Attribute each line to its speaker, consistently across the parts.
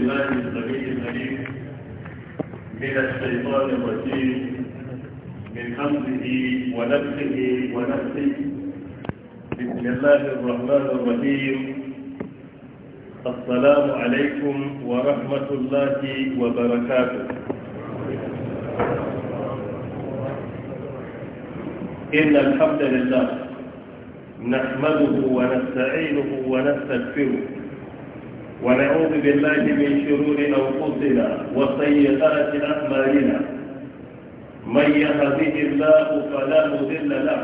Speaker 1: بالله السميع العليم من الشيطان الرجيم من همزه ونفسه ونفسه بسم الله الرحمن الرحيم السلام عليكم ورحمة الله وبركاته إن الحمد لله نحمده ونستعينه ونستغفره ونعوذ بالله من شرور أنفسنا وسيئات أعمالنا من يهده الله فلا مذل له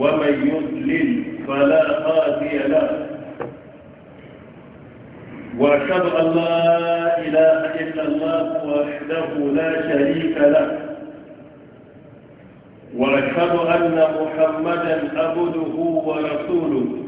Speaker 1: ومن يضلل فلا هادي له وأشهد أن لا إله إلا الله وحده لا شريك له وأشهد أن محمدا عبده ورسوله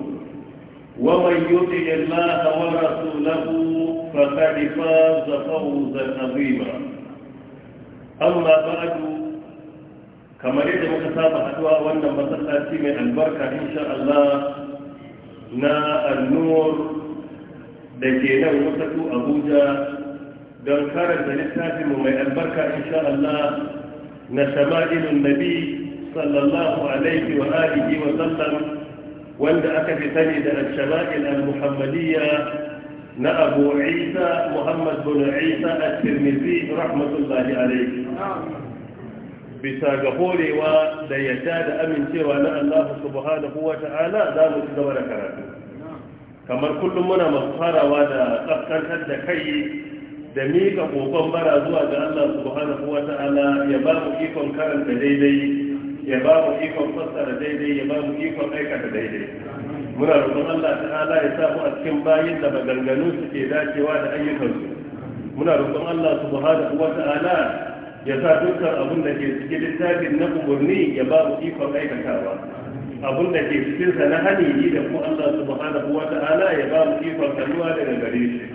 Speaker 1: ومن يطع الله ورسوله فقد فاز فوزا عظيما اما بعد kamar yadda muka saba haduwa wannan masallaci mai albarka insha Allah na annur da ke nan abuja don karanta mu mai albarka insha Allah na shama'ilun nabi sallallahu alaihi wa alihi wa sallam wanda aka fi sani da al-shama'il al-muhammadiyya na abu isa muhammad bin isa al-tirmidhi rahmatullahi alayhi bisa ga horewa da yadda da amincewa na Allah subhanahu wa ta'ala za mu ci gaba da karatu kamar kullum muna mafarawa da tsaftantar da kai da miƙa kokon bara zuwa ga Allah subhanahu wa ta'ala ya ba mu ikon karanta daidai ya ba mu ikon fassara daidai ya ba mu ikon aikata daidai muna roƙon Allah ta'ala ya samu a cikin bayin da maganganu suke dacewa da ayyukansu muna roƙon Allah subhanahu wa ta'ala ya sa dukkan abun da ke cikin littafin na umarni ya ba mu ikon aikatawa Abun da ke cikin sa na ni da ku Allah subhanahu wa ta'ala ya ba mu ikon kalluwa daga gare shi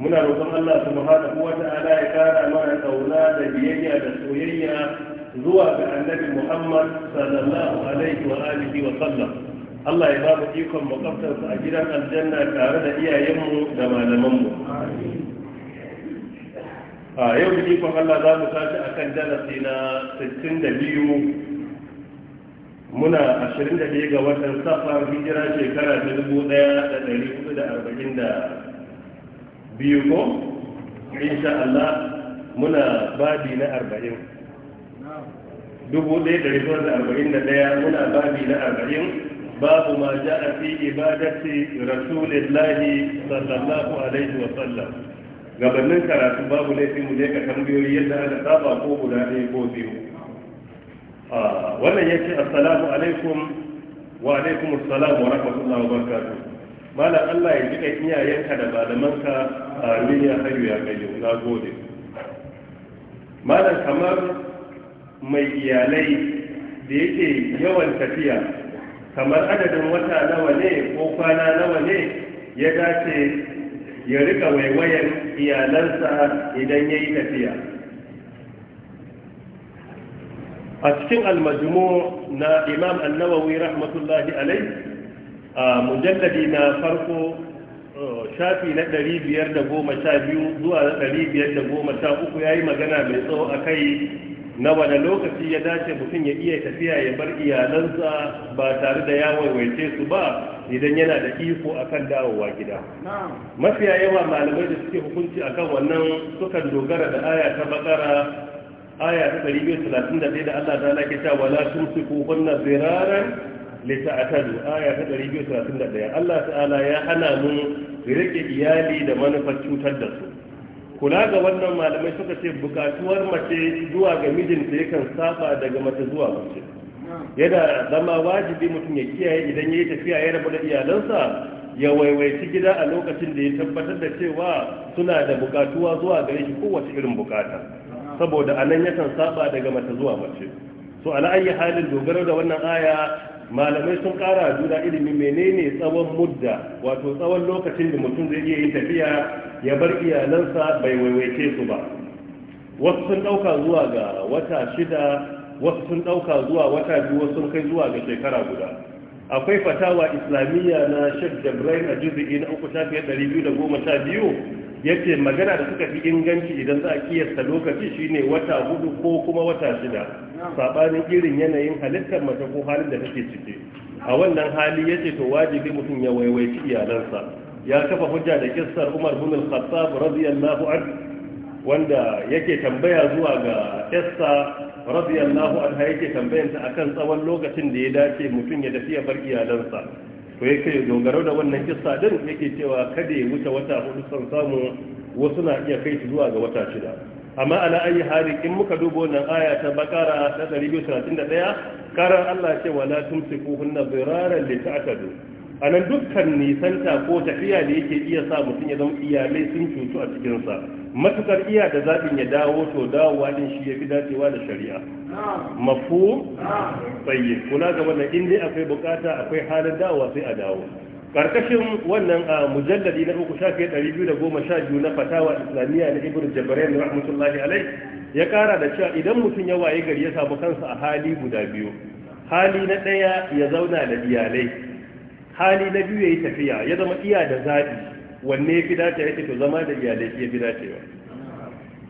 Speaker 1: muna roƙon Allah subhanahu wa ta'ala ya kara mana kauna da biyayya da soyayya zuwa ga annabi muhammad sallallahu alaihi wa alihi wa sallam Allah ya ba mu ikon makwabtarsa a gidan aljanna tare da iyayenmu da malamanmu a yau da ikon Allah za mu tashi a kan darasi na 62 muna 22 ga watan safar hijira shekara ta 1442 ko insha Allah muna babi na arba'in. 1141 muna babi na 40 babu ma a fi ibadati rasulillahi sallallahu alaihi wa sallam gabanin karatu babu laifin mu ne ka tambayoyi yadda aka saba ko guda ɗaya ko biyu wannan ya ce assalamu alaikum wa alaikum assalamu wa rahmatullahi wa barakatuh malam Allah ya jika iyayenka da malamanka amin ya hayu ya gayyo na gode malam kamar mai iyalai da yake yawan tafiya kamar adadin wata nawa ne ko kwana nawa ne ya dace ya rika waiwayen iyalansa idan ya yi tafiya a cikin almajmu na imam annawawi rahmatullahi alai a mujalladi na farko shafi na 512 zuwa 513 ya yi magana mai tsawo a kai na wane lokaci ya dace mutum ya iya tafiya ya bar iyalansa ba tare da ya waiwaice su ba idan yana da iko akan dawowa gida mafiya yawa malamai da suke hukunci akan wannan sukan dogara da aya ta bakara aya ta 231 da Allah ta lake ta wala tumsiku hunna ziraran lita'tadu aya ta 231 Allah ta'ala ya hana mu rike iyali da manufar cutar da su kula ga wannan malamai suka ce bukatuwar mace zuwa ga mijinta yakan saba daga mace zuwa mace yana zama wajibi mutum ya kiyaye idan ya yi tafiya ya rabu da iyalansa ya waiwaici gida a lokacin da ya tabbatar da cewa suna da bukatuwa zuwa ga shi kowace irin bukata saboda anan yakan saba daga mace zuwa mace so ala ayi halin dogaro da wannan aya malamai sun kara juna ilimi menene tsawon mudda wato tsawon lokacin da mutum zai iya yin tafiya ya bar iyalansa bai waiwaice su ba wasu sun ɗauka zuwa ga wata shida wasu sun ɗauka zuwa wata biyu sun kai zuwa ga shekara guda akwai fatawa islamiyya na shek jabrain a juzi'i na uku shafiyar ɗari yace magana da suka fi inganci idan za a kiyasta lokaci shine wata hudu ko kuma wata shida sabanin irin yanayin halittar mace ko halin da take ciki a wannan hali yace to wajibi mutum ya waiwaici iyalansa ya kafa hujja da kissar Umar bin Al-Khattab radiyallahu anhu wanda yake tambaya zuwa ga Esther radiyallahu anha yake tambayanta akan tsawon lokacin da ya dace mutum ya tafi ya bar iyalansa to yake dogaro da wannan kissa din yake cewa kada ya wuce wata hudu san samu wasu na iya kai shi zuwa ga wata shida amma ala ayi hali in muka dubo wannan aya ta bakara ta 231 karan Allah ce wala tumsiku hunna ziraran li ta'tadu anan dukkan nisanta ko tafiya da yake iya sa mutum ya zama iyalai sun cutu a cikin sa matukar iya da zabin ya dawo to dawowa din shi ya fi dacewa da shari'a mafu tsaye kuna ga wannan inda akwai bukata akwai halin dawowa sai a dawo karkashin wannan a mujalladi na uku shafi 212 na fatawa islamiyya na ibn jabarain rahmatullahi alai ya kara da cewa idan mutum ya waye gari ya samu kansa a hali guda biyu hali na ɗaya ya zauna da iyalai hali na biyu ya yi tafiya ya zama iya da zaɓi wanne ya fi dace ya to zama da iyalai ya fi dacewa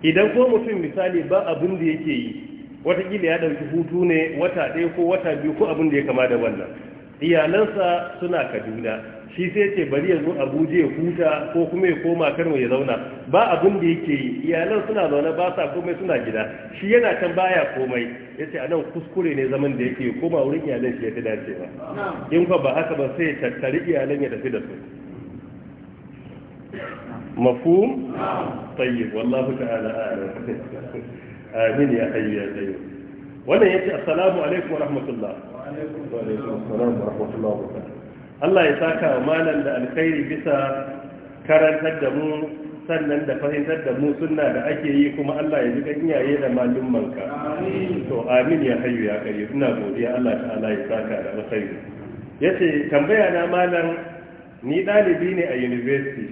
Speaker 1: idan ko mutum misali ba abin da yake yi watakila ya ɗauki hutu ne wata ɗaya ko wata biyu ko abin da ya kama da wannan iyalansa suna kaduna shi sai ce bari ya zo abuja ya huta ko kuma ya koma kano ya zauna ba abin da yake yi iyalan suna zaune ba sa komai suna gida shi yana can baya komai ya ce a nan kuskure ne zaman da yake koma wurin iyalan shi ya fi ba. in fa ba haka ba sai tattari iyalan ya tafi da su mafhum tayyib wallahu ta'ala a'lam amin ya hayyu ya qayyum wannan yace assalamu alaikum wa rahmatullah wa alaikum assalam wa rahmatullah wa barakatuh Allah ya saka wa malam da alkhairi bisa karantar da mu sannan da fahimtar da mu sunna da ake yi kuma Allah ya ji iyaye da malummanka to amin ya hayyu ya qayyum ina godiya Allah ta'ala ya saka da alkhairi yace tambaya na malam ni dalibi ne a university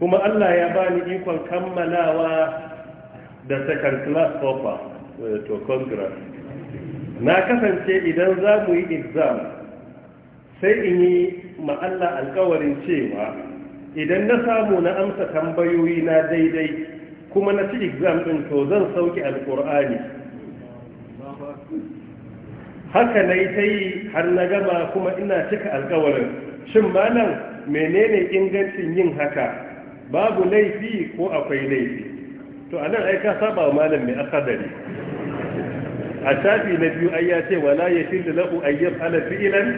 Speaker 1: kuma Allah ya bani ikon kammalawa da second class offer eh, to congress na kasance idan za mu yi exam sai in yi ma'alla alkawarin cewa idan na samu na amsa tambayoyi na daidai kuma na ci exam ɗin to zan sauki Alƙur'ani. haka na yi ta yi har na gama kuma ina cika alkawarin shin nan menene ingancin yin haka babu laifi ko akwai laifi to anan ai ka saba wa malam mai akadari a shafi na biyu ai ya ce wala yashil lahu ayyab ala fi'lan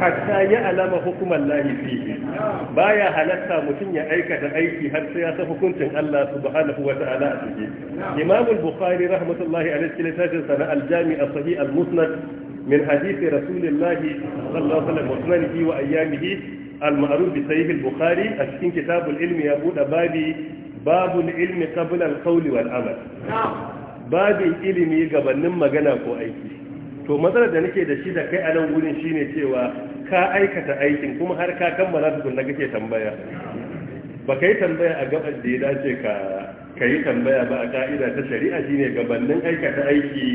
Speaker 1: hatta ya alama hukumar lahi Ba baya halatta mutum ya aikata aiki har sai ya san hukuncin Allah subhanahu wa ta'ala a ciki Imam al-Bukhari rahmatullahi alaihi littafin sana al-Jami as-Sahih al-Musnad min hadith Rasulullah sallallahu alaihi wa ayyamihi al-ma'ruf bi Sahih al-Bukhari a cikin kitab al-ilmi ya buɗe babi babu ilmi qabla kauli wal amal babin ilimi gabanin magana ko aiki to matsalar da nake da shi da kai a nan gurin shine cewa ka aikata aikin kuma har ka kammala tukunna kake tambaya ba yi tambaya a gaban da ya dace ka kai tambaya ba a ka'ida ta shari'a shine gabanin aikata aiki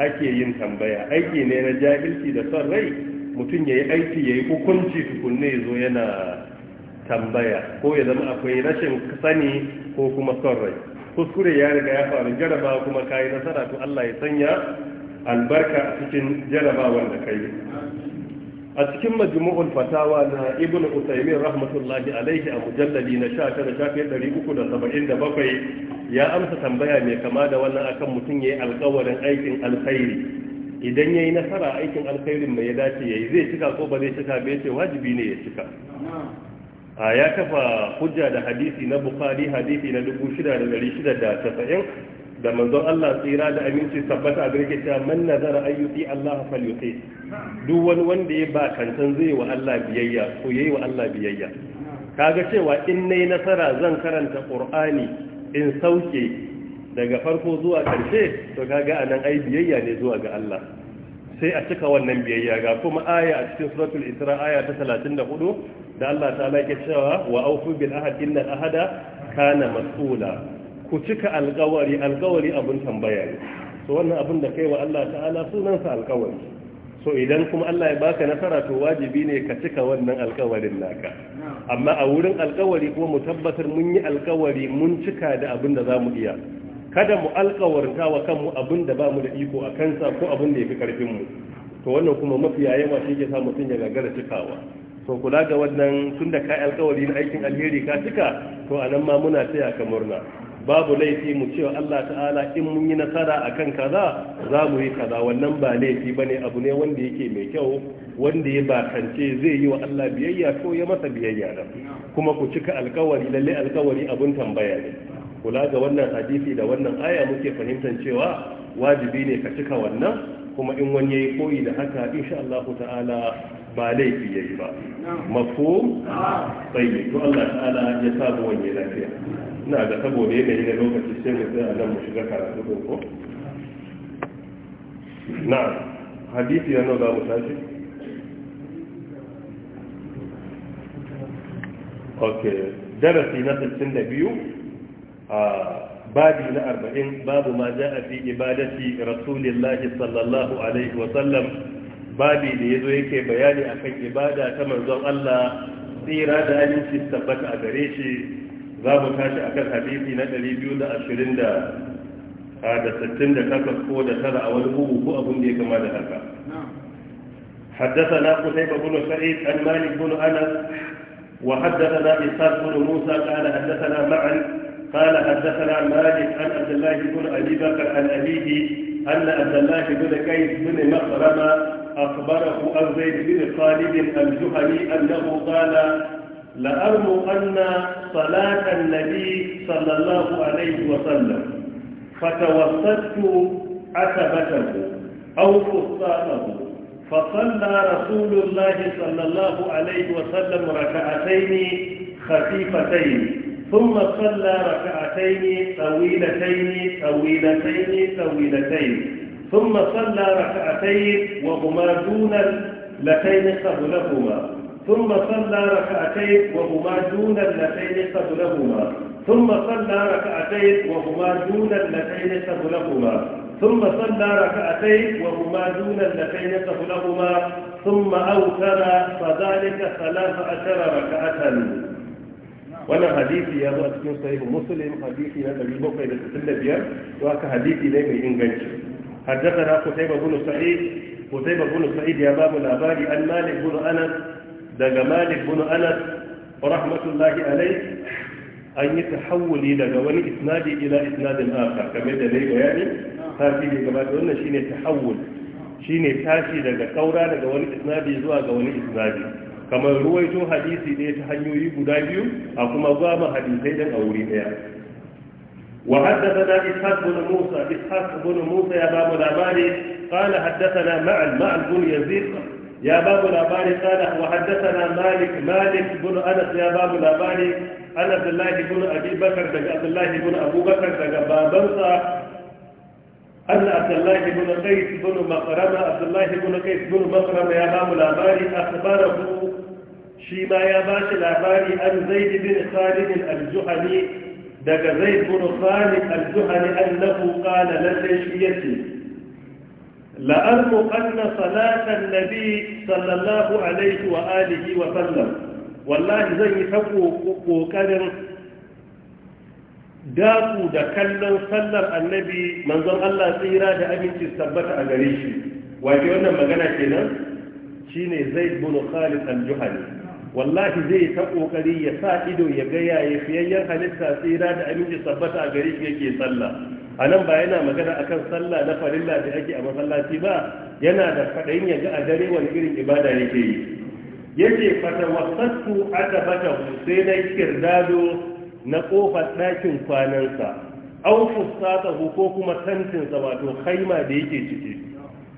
Speaker 1: ake yin tambaya aiki ne na jahilci da son rai mutum yayi aiki yayi hukunci tukunne yazo yana tambaya ko ya zama akwai rashin sani ko kuma son rai kuskure ya riga ya faru jaraba kuma ka nasara to Allah ya sanya albarka a cikin jaraba da ka a cikin majmu'ul fatawa na ibn usaimin rahmatullahi alaihi a mujallali na 19,377 ya amsa tambaya mai kama da wannan akan mutum ya yi alkawarin aikin alkhairi idan yayi nasara aikin alkhairin mai ya dace yayi zai cika ko ba zai cika bai ce wajibi ne ya cika a ya kafa hujja da hadisi na bukhari hadisi na 6690 da manzon Allah tsira da aminci tabbata a gare cewa man nazara ayyuti Allah falyuti duk wani wanda ya ba kantan zai wa Allah biyayya ko yayi wa Allah biyayya kaga cewa in nayi nasara zan karanta Qur'ani in sauke daga farko zuwa karshe to kaga anan ai biyayya ne zuwa ga Allah sai a cika wannan biyayya ga kuma aya a cikin suratul isra aya ta 34 da Allah ta'ala yake cewa wa awfu bil ahd inna ahada kana mas'ula ku cika alƙawari alƙawari abun tambaya ne so wannan abun da kai wa Allah ta'ala sunan sa alƙawari so idan kuma Allah ya baka nasara to wajibi ne ka cika wannan alƙawarin naka amma a wurin alƙawari kuma mu tabbatar mun yi alƙawari mun cika da abin da zamu iya kada mu alkawarta wa kanmu abin da ba da iko a kansa ko abin da ya fi karfin mu to wannan kuma mafiya yawa shi ke sa mutum ya gagara cikawa to kula ga wannan tun da kai alkawari na aikin alheri ka cika to a nan ma muna taya ka murna babu laifi mu cewa Allah ta'ala in mun yi nasara akan kaza za mu yi kaza wannan ba laifi bane abu ne wanda yake mai kyau wanda ya bakance zai yi wa Allah biyayya ko ya masa biyayya da kuma ku cika alkawari lalle alkawari abun tambaya ne kula ga wannan hadisi da wannan aya muke fahimtar cewa wajibi ne ka cika wannan kuma in wani yayi koyi da haka insha Allah ta'ala ba laifi yayi ba mafhum tsaye to Allah ta'ala ya samu wani lafiya ina ga saboda yanayi na lokaci sai mu tsaya nan mu shiga karatu ko Na hadisi yana da mutashi ok darasi na 62 babi na arba'in babu ma za a fi ibadati rasulillahi sallallahu alaihi wasallam babi da ya zo yake bayani akan ibada ta manzon Allah tsira da aminci tabbata a gare shi za mu tashi a kan hadisi na 220 da da 68 ko da tara a wani bugu ko abin da ya kama da haka حدثنا قتيبة بن سعيد عن مالك بن أنس وحدثنا إسحاق بن موسى قال حدثنا معا قال حدثنا مالك عن عبد الله بن ابي بكر عن ابيه ان عبد الله بن كيس بن مخرمه اخبره عن زيد بن خالد الجهني انه قال أن صلاة النبي صلى الله عليه وسلم فتوسدت عتبته أو فستانه فصلى رسول الله صلى الله عليه وسلم ركعتين خفيفتين ثم صلى ركعتين طويلتين طويلتين طويلتين ثم صلى ركعتين وهما دون اللتين قبلهما ثم صلى ركعتين وهما دون اللتين قبلهما ثم صلى ركعتين وهما دون اللتين قبلهما ثم صلى ركعتين وهما دون اللتين قبلهما ثم أوتر فذلك ثلاث عشر ركعة wannan hadisi ya zo a cikin sahih muslim hadisi na 765 to aka hadisi ne mai inganci حدثنا قتيبة بن سعيد قتيبة بن سعيد ya babu labari an مالك بن أنس daga مالك بن أنس ورحمة الله عليه an yi tahawuli daga wani isnadi ila isnadin aka game da dai bayani tashi da gaba wannan shine tahawul shine tashi daga kaura daga wani isnadi zuwa ga wani isnadi kamar ruwaito hadisi ne ta hanyoyi guda biyu a kuma gama hadisai din a wuri daya wa haddasa na ishaq bin musa ishaq bin musa ya ba mu labari qala haddathana ma'al ma'al bin yazid ya ba mu labari qala wa haddathana malik malik bin anas ya ba mu labari an abdullahi bin abi bakar daga abdullahi bin abubakar daga babansa أن عبد الله بن قيس بن مقرمة عبد الله بن قيس بن مقرمة يا بام العباري أخبره شيما يا باش العباري عن زيد بن خالد الجحني دق زيد بن خالد الجحني أنه قال لتشيتي لأرمق أن صلاة النبي صلى الله عليه وآله وسلم والله زي حقوق وقدر daku da kallon sallar annabi manzon Allah tsira da aminci tabbata a gare shi wato wannan magana kenan shine zai bin Khalid al-Juhani wallahi zai ta kokari ya sa ido ya ga yayi fiyayyen halitta tsira da aminci tabbata a gare shi yake sallah anan ba yana magana akan sallah na farilla da ake a masallaci ba yana da fadayin ya ga a dare wani irin ibada yake yi yace fatawassatu adabata sai na kirdado na kofar ɗakin kwanansa an fustata ko kuma tantinsa wato haima da yake ciki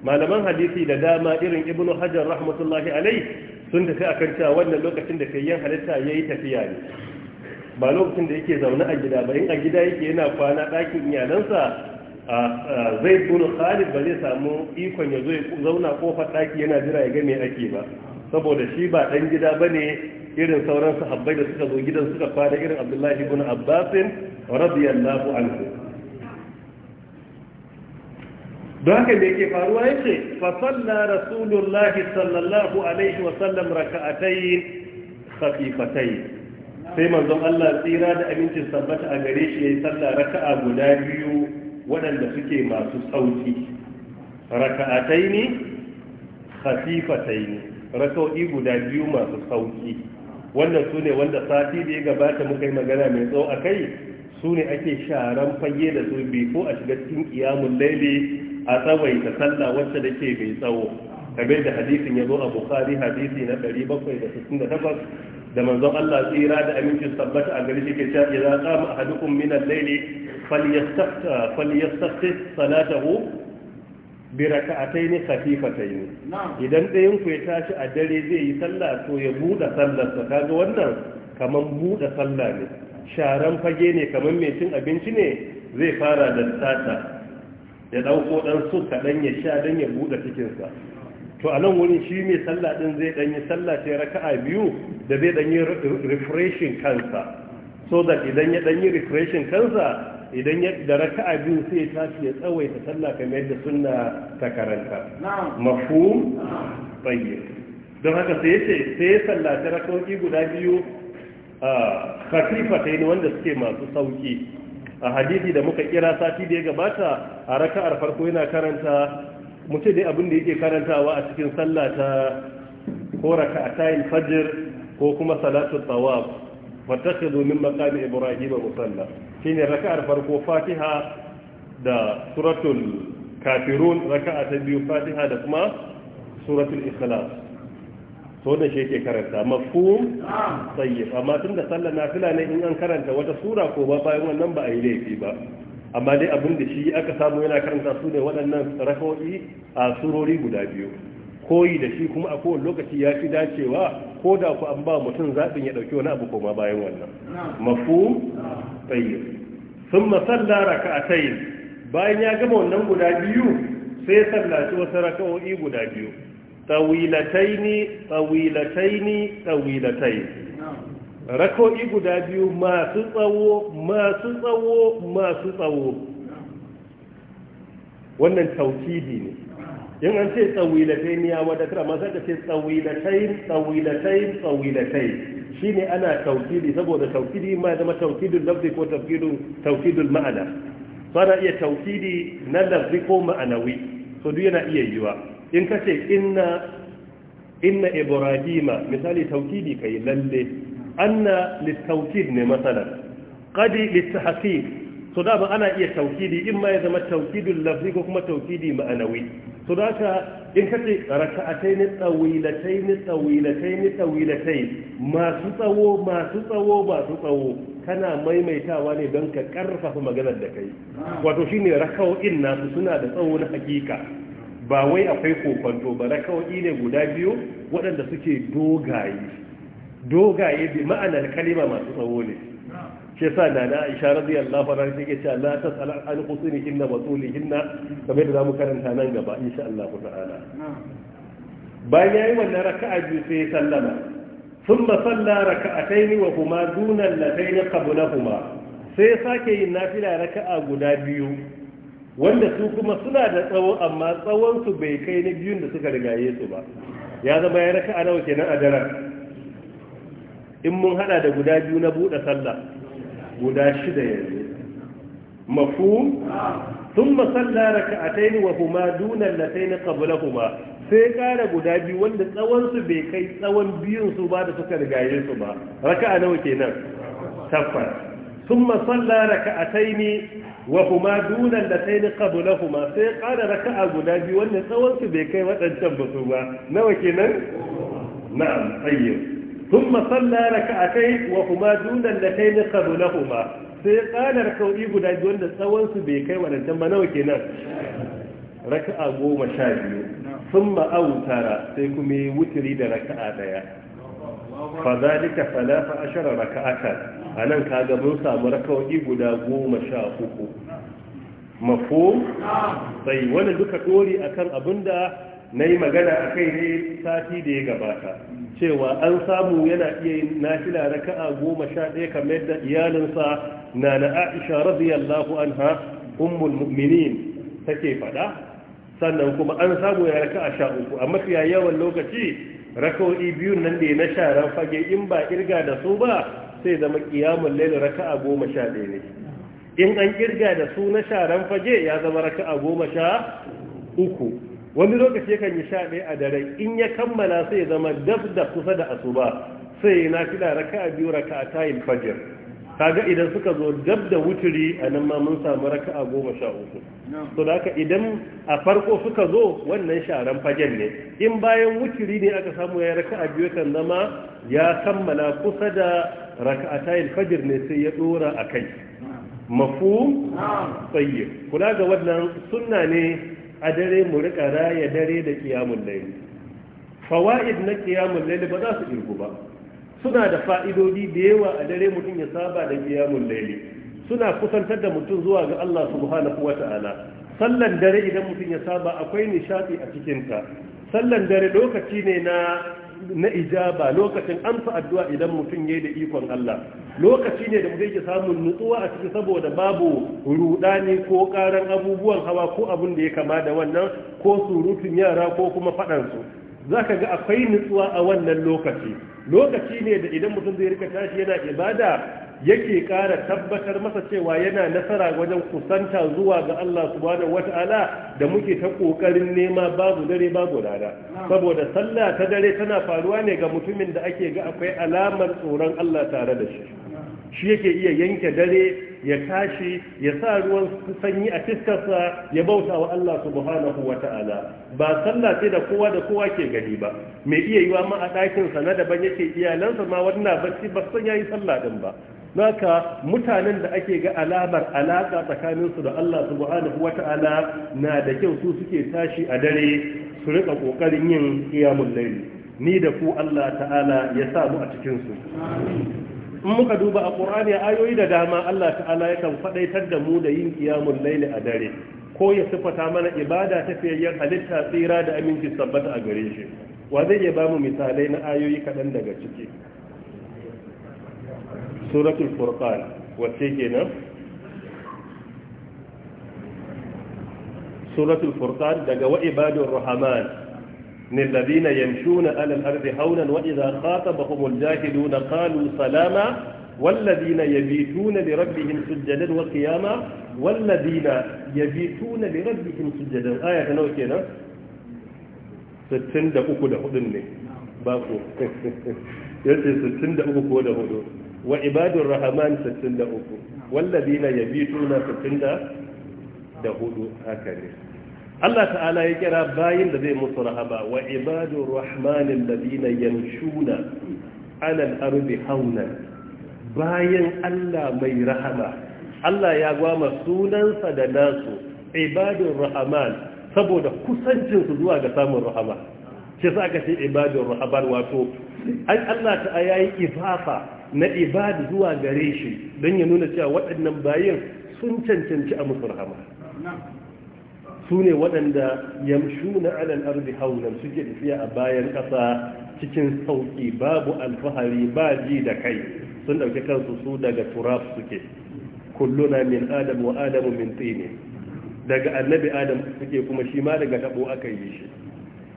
Speaker 1: malaman hadisi da dama irin ibnu hajar rahmatullahi alai sun tafi a kan cewa wannan lokacin da kai yan halitta ya yi tafiya ne ba lokacin da yake zaune a gida ba in a gida yake yana kwana ɗakin iyalansa zai tunu khalid ba zai samu ikon ya zo ya zauna kofar ɗaki yana jira ya ga me ake ba saboda shi ba ɗan gida ba ne irin sauran sahabbai da suka zo gidan suka fara irin abdullahi ibn abbasin radiyallahu anhu don haka me yake faruwa ya ce? Fasalla rasulullah sallallahu alaihi wa sallam raka'atayn khafifatayn sai manzon Allah tsira da amincin sabbata a gare shi yayi sallah raka'a guda biyu waɗanda suke masu sauki raka'atayn khafifatayn raka'o'i guda biyu masu sauki wannan su ne wanda sati da ya gabata muka yi magana mai tsawo a kai su ne ake sharan fage da su ko a shiga cikin kiyamun laili a tsawaita sallah wacce da ke mai tsawo kabe da hadisin ya zo a bukari hadisi na 768 da manzon Allah tsira da amincin tabbata a gari shike cewa a qama ahadukum min al-layli falyastafti salatahu biraka a ta yi khafifata yi idan ɗayan ku ya tashi a dare zai yi sallah to ya buɗe sallarsa kaga wannan kamar buɗe sallah ne sharan fage ne kamar mai cin abinci ne zai fara da sata ya ɗauko ɗan su kaɗan ya sha don ya buɗe cikinsa to a nan wurin shi mai sallah ɗin zai ɗan yi sallah ce raka'a biyu da zai ɗan yi refreshing kansa so that idan ya ɗan yi refreshing kansa idan ya da raka'a biyu sai ya tashi ya tsawaita sallah kamar yadda sunna ta karanta mafhum tayyib don haka sai ya ce sai ya sallaci raka'o'i guda biyu ta ne wanda suke masu sauki a hadisi da muka kira sati da ya gabata a raka'ar farko yana karanta mu ce dai abin da yake karantawa a cikin sallah ta ko raka'atayn fajr ko kuma salatul tawaf fattakhidhu min maqami ibrahim musalla shine raka'ar farko fatiha da suratul kafirun raka'a ta biyu fatiha da kuma suratul ikhlas to da shi yake karanta mafhum tayyib amma tunda sallar nafila ne in an karanta wata sura ko ba bayan wannan ba a yi laifi ba amma dai abin da shi aka samu yana karanta su ne waɗannan raka'o'i a surori guda biyu koyi da shi kuma a kowane lokaci ya fi dacewa ko da ku an ba mutum zaɓin ya ɗauki wani abu koma bayan wannan mafu tsaye. sun masalla raka a tayi bayan ya gama wannan guda biyu sai sallaci wasu raka'o'i guda biyu tsawilataini tsawilataini tsawilatai raka'o'i guda biyu masu tsawo masu tsawo masu tsawo wannan taukidi ne in an ce tsawilatai niya wadda kira Masar da ce tsawilatai tsawilatai tsawilatai shi ne ana taukidi saboda taukidi ma zama taukidun lafzi ko taukidun ma'ana Ba na iya taukidi na lafzi ko ma'anawi so duk yana iya yiwa in ka ce inna inna ibrahima misali taukidi kai lalle anna litaukid ne masalan qadi litahqiq so da ba ana iya taukidi in ma ya zama taukidin lafzi ko kuma taukidi ma'anawi so da haka in ka ce raka'atai ni tsawilatai ni tsawilatai ni tsawilatai masu tsawo masu tsawo masu tsawo kana maimaitawa ne don ka karfafa maganar da kai wato shine raka'o'in nasu suna da tsawo na hakika ba wai akwai kokonto ba raka'o'i ne guda biyu waɗanda suke dogaye dogaye bi ma'anar kalima masu tsawo ne shi sa na na Aisha radiyallahu anha take cewa la tasal an qusuri inna wa hinna. kamar da zamu karanta nan gaba insha Allah ta'ala bayan yayi wannan raka'a biyu sai sallama thumma salla raka'ataini wa huma duna na qablahuma sai sake yin nafila raka'a guda biyu wanda su kuma suna da tsawo amma tsawon su bai kai na biyun da suka riga su ba ya zama ya raka'a nawa kenan a daren in mun hada da guda biyu na buɗe sallah guda shida yanzu mafhum thumma a taini wa huma dunan duna allatayn qablahuma sai kara guda biyu wanda tsawon bai kai tsawon biyun su ba da suka rigaye su ba raka'a nawa kenan takwas thumma a taini wa huma dunan duna allatayn qablahuma sai kara raka'a guda biyu wanda tsawon bai kai waɗancan ba su ba nawa kenan na'am tayyib ثم صلى ركعتين وهما دون اللتين قبلهما سيقال ركوعي غدا دون تسوان سو بي كاي wannan tamba nawa kenan raka'a goma sha biyu thumma awtara sai kuma yi wutiri da raka'a daya fa zalika falafa ashara raka'atan anan kaga mun samu rakawai guda goma sha uku mafhum sai wani duka dori akan abinda nayi magana akai ne sati da ya gabata cewa an samu yana iya yin nafila raka'a goma sha ɗaya kamar yadda iyalinsa na na aisha radiyallahu anha ummul mu'minin take faɗa sannan kuma an samu ya raka'a sha uku a mafiya yawan lokaci raka'o'i biyu nan da na sharan fage in ba kirga da su ba sai zama kiyamun lail raka'a goma sha ɗaya ne in an kirga da su na sharan fage ya zama raka'a goma sha uku wani lokaci yakan yi sha ɗaya a dare in ya kammala sai ya zama daf da kusa da asuba sai ya raka a biyu raka raka'a tayin fajr kaga idan suka zo dab da wuturi a nan ma mun samu a goma sha uku to da haka idan a farko suka zo wannan sharan fajar ne in bayan wuturi ne aka samu ya raka a biyu kan zama ya kammala kusa da raka a tayin fajar ne sai ya dora a kai mafu tsaye kula ga wannan sunna ne a dare mu rika raya dare da kiyamun laili fawaid na kiyamun laili ba za su irgu ba suna da fa'idodi da yawa a dare mutum ya saba da kiyamun laili suna kusantar da mutum zuwa ga Allah subhanahu wata'ala sallan dare idan mutum ya saba akwai nishadi a cikinta sallan dare lokaci ne na na ijaba lokacin amsa addu'a idan mutum yayi da ikon Allah lokaci ne da mutum samun nutsuwa a ciki saboda babu rudani ko karan abubuwan hawa ko abin da ya kama da wannan ko surutun yara ko kuma faɗansu. su za ka ga akwai nutsuwa a wannan lokaci lokaci ne da idan mutum zai rika tashi yana ibada yake kara tabbatar masa cewa yana nasara wajen kusanta zuwa ga Allah subhanahu wata'ala da muke ta ƙoƙarin nema babu dare babu rana saboda sallah ta dare tana faruwa ne ga mutumin da ake ga akwai alamar tsoron Allah tare da shi shi yake iya yanke dare ya tashi ya sa ruwan sanyi a fiskarsa ya bauta wa Allah subhanahu wa ta'ala ba sallah ce da kowa da kowa ke gani ba mai iya yiwa ma a sa na daban yake iyalansa ma wannan bacci ba san yayi sallah din ba naka mutanen da ake ga alamar alaka tsakanin su da Allah subhanahu wa ta'ala na da kyau su suke tashi a dare su rika kokarin yin qiyamul layl ni da ku Allah ta'ala ya sa mu a cikin su in muka duba a ƙur'ani ayoyi da dama Allah ta'ala yakan faɗaitar da mu da yin kiyamun laili a dare ko ya sifata mana ibada ta fiyayyar halitta tsira da aminci sabbata a gare shi wa zai iya bamu misalai na ayoyi kaɗan daga ciki suratul furqan suratul furqan daga wa ibadur rahman الذين يمشون على الأرض هونا وإذا خاطبهم الجاهلون قالوا سلاما والذين يبيتون لربهم سجدا وقياما والذين يبيتون لربهم سجدا آية نوع كنا ستين دقوق لحضن باقو يأتي ستين دقوق لحضن وعباد الرحمن ستين دقوق والذين يبيتون ستين دقوق هكذا Allah ta'ala ya kira bayin da zai musu rahaba wa ibadu rahmanin ladina yamshuna alal ardi hauna bayan Allah mai rahama Allah ya gwama sunansa da nasu ibadun rahman saboda kusancin su zuwa ga samun rahama shi sa aka ce ibadun rahman wato ai Allah ta'ala yayi ifafa na ibadu zuwa gare shi don ya nuna cewa waɗannan bayan sun cancanci a musu rahama su ne waɗanda yamshu na alal arzi haunan suke tafiya a bayan ƙasa cikin sauƙi babu alfahari ba ji da kai sun ɗauki kansu su daga turaf suke kulluna min adam wa adamu min tsini daga annabi adam suke kuma shi ma daga taɓo aka yi shi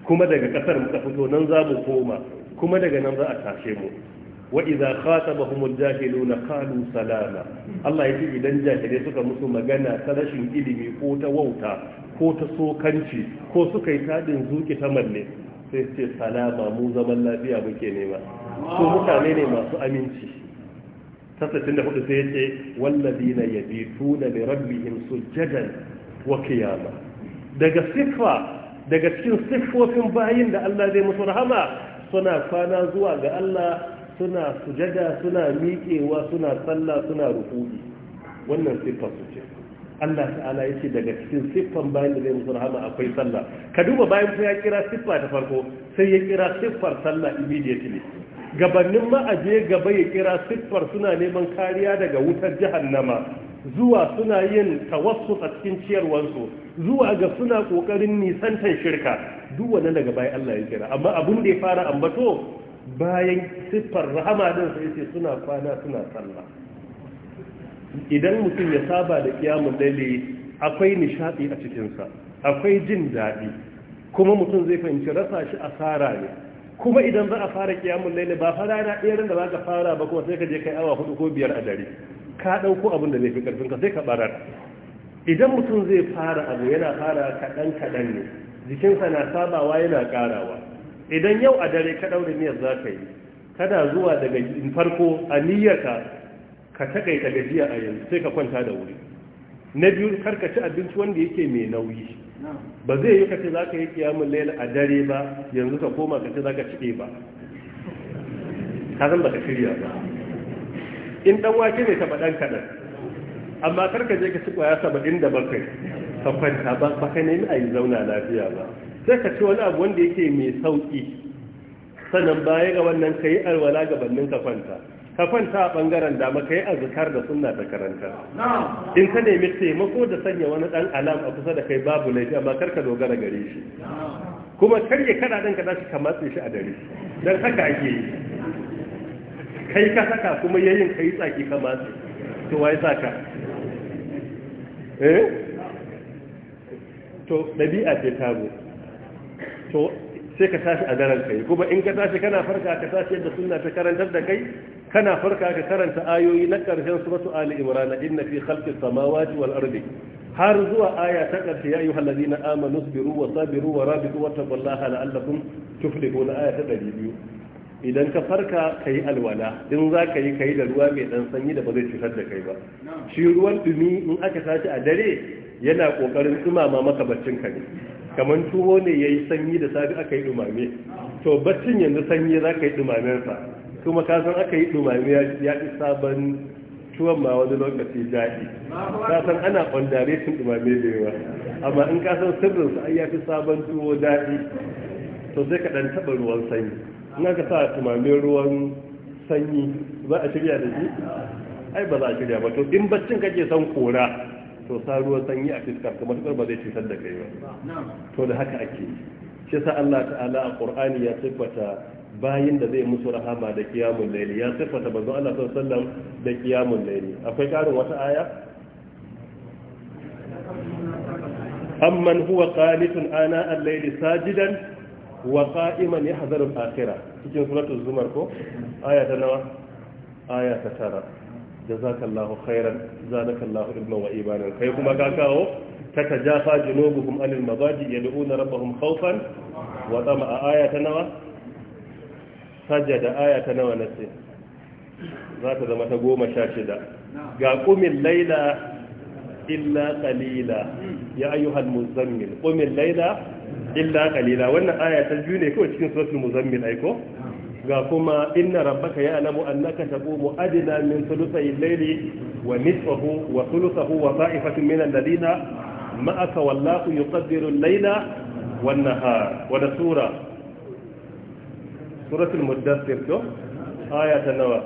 Speaker 1: kuma daga ƙasar muka fito nan za mu koma kuma daga nan za a tashe mu wa idza khatabahum al-jahiluna qalu salama Allah yace idan jahilai suka musu magana ta rashin ilimi ko ta wauta ko ta sokanci ko suka yi tadin zuki ta malle sai ce salama mu zaman lafiya muke nema su mutane ne masu aminci da hudu sai ya ce na yabi yabituna bi rabbihim sujjadan wa qiyama daga sifa daga cikin sifofin bayin da Allah zai musu rahama suna kwana zuwa ga Allah suna sujada suna miƙewa suna sallah suna ruku'i wannan sifa su ce Allah ta'ala ya daga cikin siffan bayan da zai musu rahama akwai sallah ka duba bayan sai ya kira siffa ta farko sai ya kira siffar sallah immediately gabanin ma a gaba ya kira siffar suna neman kariya daga wutar jahannama zuwa suna yin tawassu a cikin ciyarwarsu zuwa ga suna kokarin nisantan shirka duk wannan daga bayan Allah ya kira amma abun da ya fara ambato bayan siffar rahama din sai ce suna kwana suna sallah idan mutum ya saba da kiyamun laili akwai nishadi a cikinsa akwai jin daɗi kuma mutum zai fahimci rasa shi asara ne kuma idan za a fara kiyamun laili ba fara na ɗaya da za ka fara ba kuma sai ka je kai awa hudu ko biyar a dare ka ɗauko abin da zai fi ƙarfin ka sai ka barar idan mutum zai fara abu yana fara kaɗan kaɗan ne jikinsa na sabawa yana ƙarawa idan yau a dare ka ɗaure niyyar za ka yi kana zuwa daga farko a niyyarka ka takaita gajiya a yanzu sai ka kwanta da wuri na biyu kar ka ci abinci wanda yake mai nauyi ba zai yi kace za ka yi kiyamun laila a dare ba yanzu ka koma ka za ka cike ba ka zan ba ka shirya ba in dan wake ne taɓa ɗan kaɗan amma kar ka je ka ci ƙwaya saba'in da bakwai ka kwanta ba ba ka nemi a yi zauna lafiya ba sai ka ci wani abu wanda yake mai sauƙi sannan baya ga wannan ka yi alwala gabanin ka kwanta ka kwanta a bangaren dama ka yi azkar da suna ta karanta in ka nemi taimako da sanya wani dan alam a kusa da kai babu laifi amma kar ka dogara gare shi kuma kar ya kada dan ka dace ka matse shi a dare dan haka ake yi kai ka saka kuma yayin kai tsaki ka matse to wai saka eh to dabi'a ce tabo to sai ka tashi a daren kai kuma in ka tashi kana farka ka tashi yadda sunna ta karantar da kai kana farka ka karanta ayoyi na karshen suratu ali imran inna fi khalqis samawati wal ardi har zuwa aya ta karshe ya ayyuhal ladina amanu sabiru wa sabiru wa rabitu wattaqullaha la'allakum tuflihun aya ta 200 idan ka farka kai alwala in za ka yi kai da ruwa mai dan sanyi da ba zai cutar da kai ba shi ruwan dumi in aka tashi a dare yana kokarin dumama maka baccin ka ne kamar tuwo ne yayi sanyi da safi aka yi dumame to baccin yanzu sanyi za ka yi dumamen sa kuma ka san aka yi dumame ya fi sabon tuwon ma wani lokaci daɗi ka san ana ƙwandaretin dumame da yawa amma in ka san sirrin sa ai ya fi sabon tuwo daɗi to sai ka ɗan taɓa ruwan sanyi in aka sa tumamen ruwan sanyi ba a shirya da shi ai ba za a shirya ba to in baccin kake son kora to sa ruwa sanyi a fiskar ka matukar ba zai cutar da kai ba to da haka ake shi sa Allah ta'ala a Qur'ani ya siffata bayin da zai musu rahama da kiyamun laili ya siffata manzon Allah sallallahu da kiyamun laili akwai karin wata aya amman huwa qanitun ana al-layli sajidan wa qa'iman yahdharu al-akhirah cikin suratul zumar ko aya ta nawa aya ta tara jazakallahu khairan zadakallahu ilman wa imanan kai kuma ka kawo ka tajafa junubuhum anil mabadi yad'una rabbahum khawfan wa tama ayata nawa sajada ayata nawa nace zata zama ta goma sha shida. ga qumil Laila illa qalila ya ayyuhal muzammil qumil Laila illa qalila wannan aya ta june kawai cikin suratul muzammil ai ko ga kuma inna rabbaka ya'lamu annaka taqumu adna min thuluthay al-layli wa nisfahu wa thuluthahu wa ta'ifatun min alladhina ma'aka wallahu yuqaddiru al-layla wan nahar wa da sura suratul muddathir to aya ta nawa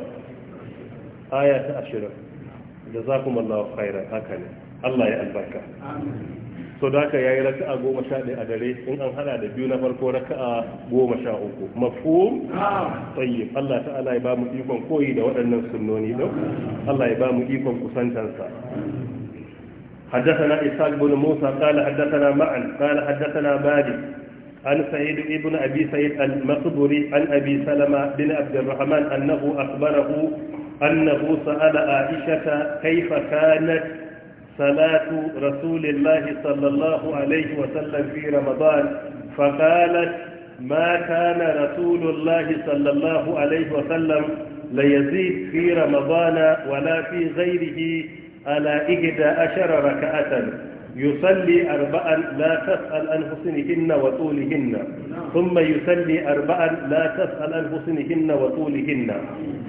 Speaker 1: aya ta 20 jazakumullahu khairan haka ne Allah ya albarka amin so da yi yayi raka'a goma sha ɗaya a dare in an hada da biyu na farko raka'a goma sha uku mafhum tsaye. Allah ta'ala ya ba mu ikon koyi da waɗannan sunnoni din Allah ya ba mu ikon kusantansa حدثنا إسحاق بن موسى قال حدثنا معا قال حدثنا مالك عن سعيد بن أبي سعيد المقبري عن أبي سلمة بن عبد الرحمن أنه أخبره أنه سأل عائشة كيف كانت صلاة رسول الله صلى الله عليه وسلم في رمضان فقالت ما كان رسول الله صلى الله عليه وسلم ليزيد في رمضان ولا في غيره على إحدى عشر ركعة يصلي أربعا لا تسأل عن حسنهن وطولهن ثم يصلي أربعا لا تسأل عن حسنهن وطولهن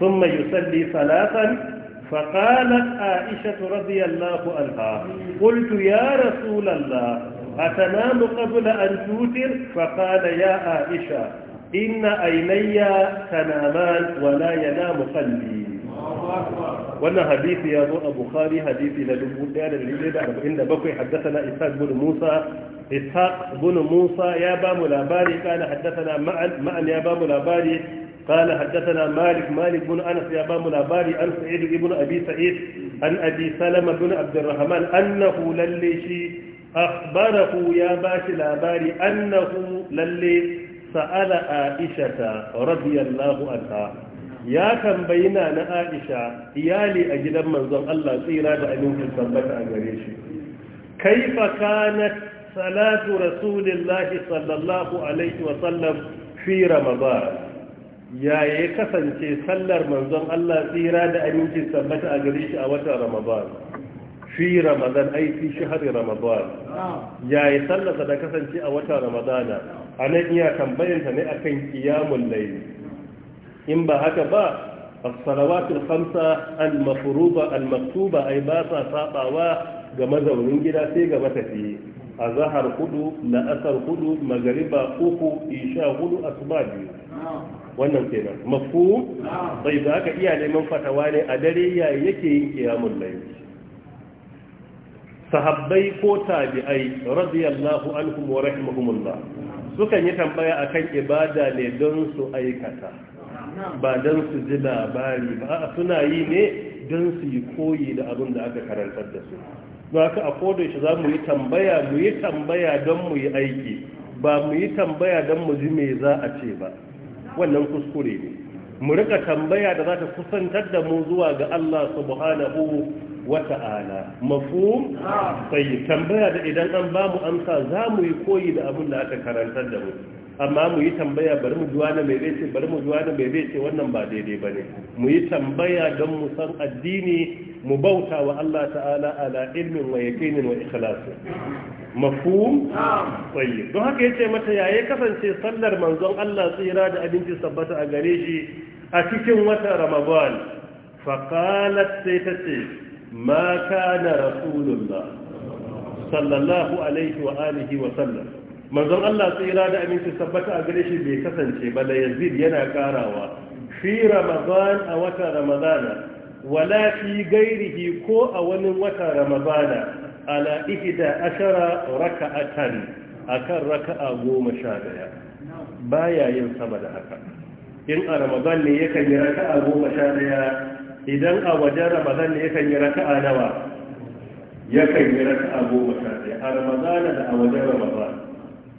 Speaker 1: ثم يصلي ثلاثا فقالت عائشة رضي الله عنها قلت يا رسول الله أتنام قبل أن توتر فقال يا عائشة إن عيني تنامان ولا ينام قلبي wannan hadisi ya zo a bukhari hadisi na 1147 haddathana ishaq bin musa ishaq bin musa ya ba mu labari kana haddathana ma'an ma'an ya ba mu labari قال حدثنا مالك مالك بن أنس يا بام الأباري عن سعيد بن أبي سعيد عن أبي سلمة بن عبد الرحمن أنه لليشي أخبره يا باش الأباري أنه للي سأل عائشة رضي الله عنها ya tambayina na aisha iyali a gidan manzon Allah tsira da amincin tabbata a gare shi kaifa kanat salatu rasulillahi sallallahu alaihi wa sallam fi ramadan ya ya kasance sallar manzon Allah tsira da aminci sabbata a gare shi a watan Ramadan fi Ramadan ai fi shahri Ramadan ya ya sallarsa da kasance a watan Ramadana anan iya tambayar ta ne akan kiyamun layl in ba haka ba as-salawat al-khamsa al-mafruḍa al-maktuba ai ba sa sabawa ga mazaunin gida sai ga a azhar hudu la asar hudu magariba uku isha hudu asuba biyu wannan kenan mafu bai za ka iya neman fatawa ne a dare yayi yake yin kiyamun laili sahabbai ko tabi'ai radiyallahu anhum wa rahimahumullah sukan yi tambaya akan ibada ne don su aikata ba don su ji labari ba a suna yi ne don su yi koyi da abin da aka karantar da su don ka a shi za mu yi tambaya mu yi tambaya don mu yi aiki ba mu yi tambaya don mu ji me za a ce ba wannan kuskure ne mu rika tambaya da za ta kusantar da mu zuwa ga Allah subhanahu wa ta'ala sai tambaya da idan an ba mu amsa za mu yi koyi da abin da aka karantar da mu amma mu yi tambaya bari mu duwa na mai zai ce bari mu duwa na mai bai ce wannan ba daidai ba ne mu yi tambaya don mu san addini mu bauta wa Allah ta'ala ala ilmin wa yaqinin wa ikhlasin mafhum tayyib don haka yace mata yaye kasance sallar manzon Allah tsira da abinci sabbata a gare shi a cikin wata ramadan fa qalat sai ta ce ma kana rasulullah sallallahu alaihi wa alihi wa sallam manzon Allah sai da aminci tabbata a gare shi bai kasance ba la yazid yana karawa fi ramadan a wata ramadana wala fi gairihi ko a wani wata ramadana ala ihda ashara raka'atan akan raka'a goma sha daya baya yin sama da haka in a ramadan ne yakan yi raka'a goma sha daya idan a wajen ramadan ne yakan yi raka'a nawa yakan yi raka'a goma sha daya a ramadana da a wajen Ramadan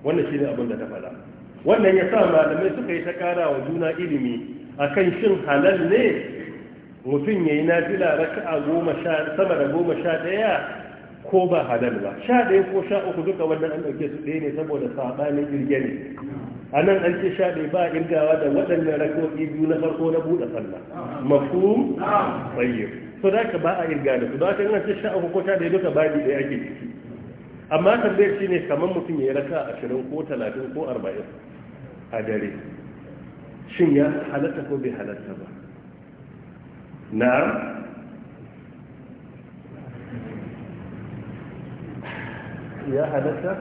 Speaker 1: wannan shi ne abin da ta faɗa wannan ya sa malamai suka yi ta ƙara wa juna ilimi a kan shin halal ne mutum ya yi na fila goma sha sama da goma sha ɗaya ko ba halal ba sha ɗaya ko sha uku duka wannan an ɗauke su ɗaya ne saboda saɓanin irge ne a nan an ce sha ɗaya ba irgawa da waɗannan rakoki biyu na farko na buɗe sallah mafhum tsayyir so da ka ba a irga da su da ka ce sha uku ko sha ɗaya duka ba ɗaya ake ciki amma tambayar shi ne kamar mutum ya yi raka ashirin ko talatin ko arba'in a dare shin ya halatta ko bai halatta ba na ya halatta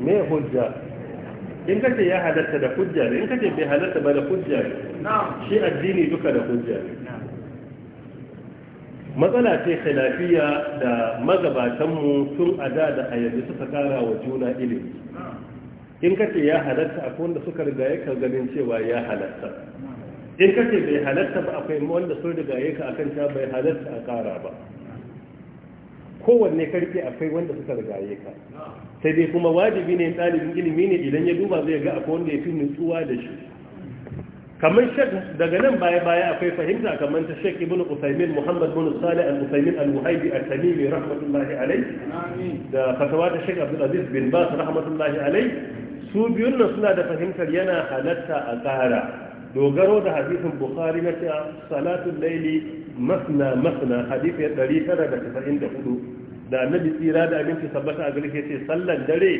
Speaker 1: me hujja in kace ya halatta da hujja ne in kace bai halatta ba da hujja ne shi addini duka da hujja ne matsala ce khilafiya da magabatanmu tun a da da a yanzu suka kara wa juna ilimi in kace ya halatta akwai wanda suka riga ya ganin cewa ya halatta in kace bai halatta ba akwai wanda sun riga ya ka akan ta bai halatta a kara ba kowanne karfe akwai wanda suka riga ya ka sai dai kuma wajibi ne ɗalibin ilimi ne idan ya duba zai ga akwai wanda ya fi nutsuwa da shi kamar shek daga nan baya baya akwai fahimta kamar ta shek ibn usaimin muhammad bin salih al-usaimin al-muhaibi al-tamimi rahmatullahi alai da fatawa ta shek abdul aziz bin bas rahmatullahi alai su biyun nan suna da fahimtar yana halatta a tsara dogaro da hadisin bukhari na cewa salatul laili masna masna hadisi ya tara da da annabi tsira da abinci sabbata a garke ce sallan dare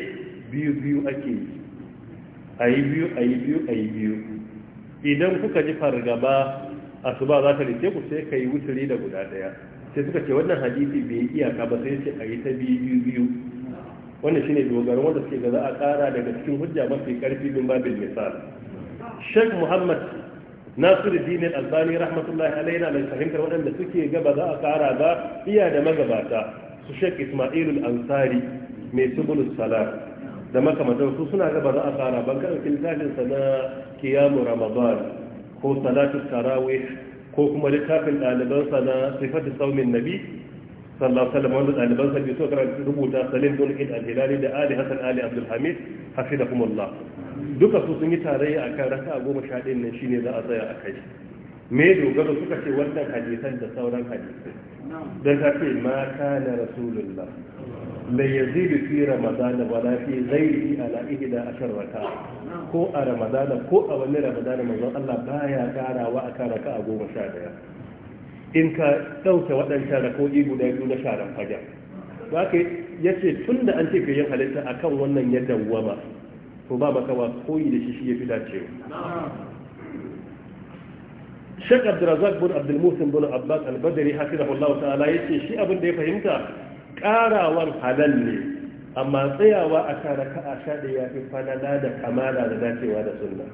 Speaker 1: biyu biyu ake yi ayi biyu ayi biyu ayi biyu idan kuka ji fargaba a asuba za ta rike ku sai ka yi wuturi da guda daya sai suka ce wannan hadisi bai iyaka ba sai ce a yi ta biyu biyu biyu wannan shine dogaro wanda suke ga za a kara daga cikin hujja mafi karfi bin babin misal Sheikh Muhammad Nasiruddin Al-Albani rahmatullahi alaihi na mai fahimtar waɗanda suke gaba za a kara ba iya da magabata su Sheikh Ismail Al-Ansari mai subulus salam da makamantar su suna gaba za a fara ban littafinsa na kiyamu ramadan ko salatu tarawih ko kuma littafin ɗalibansa na sifatu saumin nabi sallallahu alaihi wanda ɗalibansa biyu suka karanta rubuta salim dun id al-hilali da ali hasan ali abdul hamid hafizahumullah duka su sun yi tarayya akan raka goma sha ɗin nan shine za a tsaya a kai me dogaro suka ce wannan hadisan da sauran hadisai dan ta ce ma kana rasulullah yanzu da fi ramadana na fi yi ala a ashar raka ko a ramadana ko a wani ramadana zan Allah baya karawa a kan raka goma sha daya in ka dauke waɗancan rako'i guda biyu na sharan fajar ba ka ce tun da an ce ka yin halitta kan wannan ya ba, to ba makawa koyi da shi shi ya fi
Speaker 2: dacewa
Speaker 1: Sheikh Abdulrazak bin Abdul Muhsin bin Abbas Al-Badri hafizahullahu ta'ala yace shi abin da ya fahimta karawar halal ne amma tsayawa a kan ka a shaɗe ya fi falala da kamala da dacewa da sunna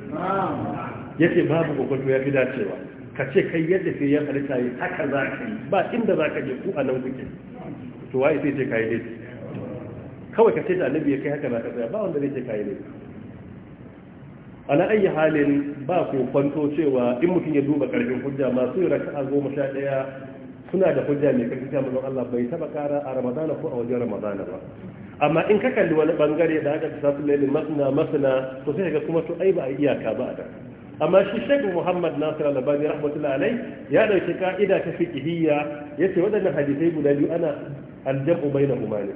Speaker 1: ce babu kokonto ya fi dacewa ka ce kai yadda fi yan halitta yi haka za ka yi ba inda za ka je ku a nan kuke to wa sai ce kayi laifi kawai ka ce da annabi ya kai haka za ka tsaya ba wanda zai ce kayi laifi na ayi halin ba ku kokonto cewa in mutum ya duba karfin hujja masu raka'a goma sha ɗaya suna da hujja mai karfi ta manzon Allah bai taba kara a Ramadana ko a wajen Ramadana ba amma in ka kalli wani bangare da aka tsaya lailin masna masna to sai ga kuma to ai ba a iyaka ba a da amma shi Sheikh Muhammad Nasir Al-Albani rahmatullahi alai ya dauki ka'ida ta fiqhiyya yace waɗannan hadisai guda biyu ana al-jam'u bainahuma ne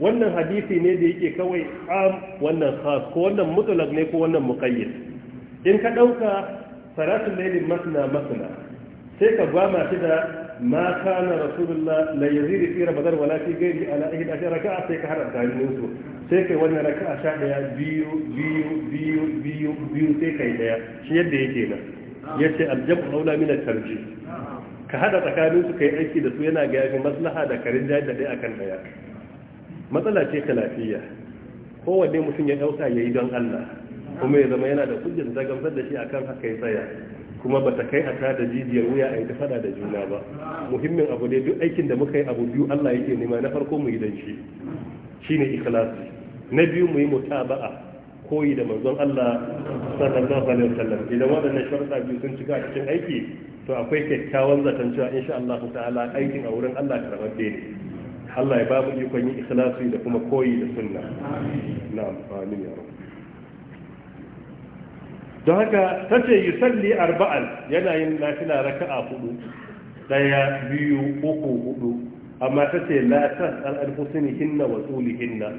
Speaker 1: wannan hadisi ne da yake kawai am wannan khas ko wannan mutlaq ne ko wannan muqayyad in ka dauka salatul layl masna masna sai ka gwama shi da ma na rasulullah la yazid fi ramadan wala fi ghairi ala ahad ashara raka'a sai ka hada tsakanin su sai kai wannan raka sha daya biyu biyu biyu biyu biyu sai kai daya shi yadda yake nan yace aljabu aula min at-tarjih ka haɗa tsakanin su kai aiki da su yana ga yafi maslaha da karin da da dai akan daya matsala ce ta lafiya kowanne mutum ya dauka yayi don Allah kuma ya zama yana da hujjar ta gamsar da shi akan haka ya tsaya kuma ba ta kai a ta da jijiyar wuya a yi ta fada da juna ba muhimmin abu ne duk aikin da muka yi abu biyu Allah yake nema na farko mu yi dan shi shine ikhlasi na biyu mu yi mutaba'a koyi da manzon Allah sallallahu alaihi wasallam idan waɗannan sharuɗa biyu sun cika a cikin aiki to akwai kyakkyawan zaton cewa insha Allah ta'ala aikin a wurin Allah karɓaɓɓe ne Allah ya ba mu ikon yin ikhlasi da kuma koyi da sunna na'am amin ya don haka ta ce yi salli arba'an yana yin raka raka'a hudu daya biyu uku hudu amma ta ce la ta an hinna wa hinna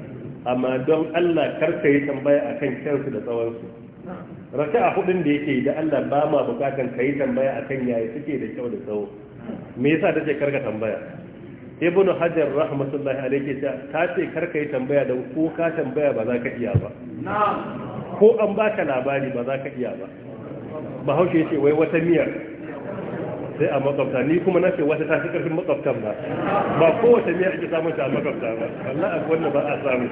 Speaker 1: amma don Allah karka yi tambaya a kan kyansu da tsawonsu raka'a hudun da yake da Allah ba ma bukatan yi tambaya a kan yayi suke da kyau da tsawo me yasa ce karka tambaya ibnu hajar rahmatullahi alayhi ta ce karka yi tambaya da ko ka tambaya ba za ka iya ba ko an baka labari ba za ka iya ba haushe ce wai wata miyar sai a makwabta ni kuma na ce wata ta fi karfin makwabtan ba ba ko wata miyar ake samun ta a makwabta ba Allah a wanda ba a samu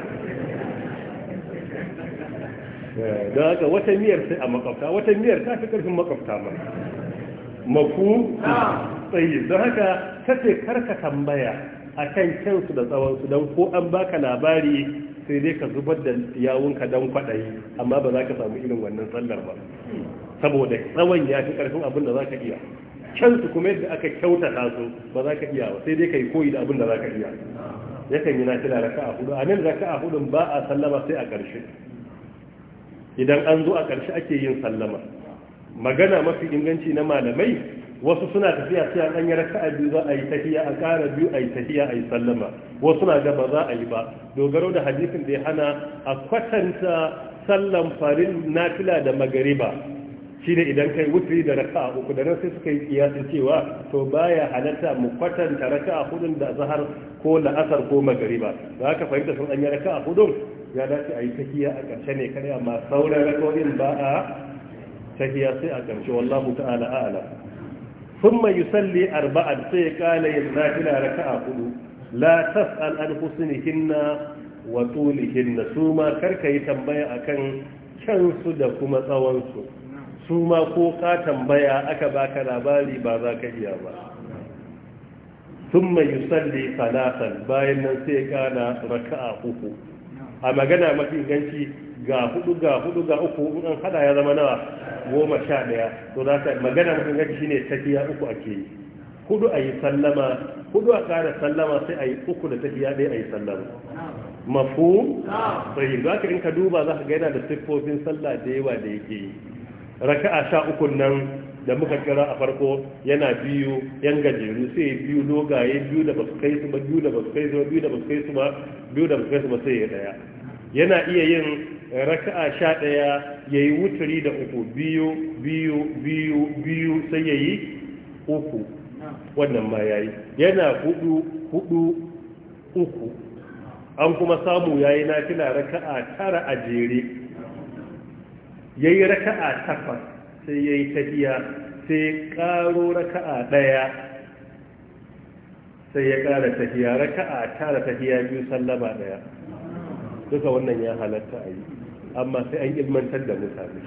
Speaker 2: eh, don haka
Speaker 1: wata miyar sai a makwabta wata miyar ta fi karfin makwabta ba. maku tsayi don haka ta ce karka tambaya a kan kyansu da tsawonsu don ko an baka labari sai dai ka zubar da yawunka don kwaɗayi amma ba za ka samu irin wannan sallar ba saboda tsawon ya fi ƙarfin abin da za ka iya kyansu kuma yadda aka kyauta su ba za ka iya ba sai dai ka yi koyi da abin da za ka iya ya kan yi nafila raka a hudu a nan raka a hudun ba a sallama sai a ƙarshe idan an zo a ƙarshe ake yin sallama magana mafi inganci na malamai wasu suna tafiya sai sanya yi ka'a biyu za a yi tafiya a ƙara biyu a yi tafiya a yi sallama wasu na ba za a yi ba dogaro da hadisin da ya hana a kwatanta sallan farin nafila da magariba shine idan kai wutri da raka a uku da nan sai suka yi kiyasi cewa to baya halatta mu kwatanta raka a hudun da zahar ko la'asar ko magariba da ka fahimta sun an yi a hudun ya dace a yi tafiya a ƙarshe ne kare amma sauran raka'o'in ba a tafiya sai a ƙarshe wallahu ta'ala a'ala thumma yusalli arba'an sai ya kala yin nafila raka'a hudu la tas'al an husnihinna wa tulihinna suma kar ka yi tambaya akan shansu da kuma tsawonsu su ma ko ka tambaya aka baka labari ba za ka iya ba thumma yusalli salatan bayan nan sai ya kala raka'a uku a magana mafi ganci ga hudu ga hudu ga uku in hada ya zama nawa goma sha daya to za ta magana mafi ganci shine tafiya uku ake yi hudu a yi sallama hudu a ƙara sallama sai a yi uku da tafiya ɗaya a yi sallama mafu sai za ka in ka duba za ka ga yana da siffofin sallah da yawa da yake yi raka'a sha uku nan da muka kira a farko yana biyu yan gajeru sai biyu dogaye biyu da basu kai su ba biyu da basu kai su ba biyu da basu kai su ba biyu da basu kai su ba sai ya daya yana iya yin raka'a sha ɗaya ya yi wuturi da uku biyu biyu biyu biyu sai ya yi uku wannan ma ya yi yana hudu hudu uku an kuma samu ya yi nafila raka'a tara a jere ya yi raka'a takwas sai ya yi tafiya sai ƙaro raka'a ɗaya sai ya ƙara tafiya raka'a tara tafiya biyu sallama ɗaya duka wannan ya halatta a yi amma sai an ilmantar da mutane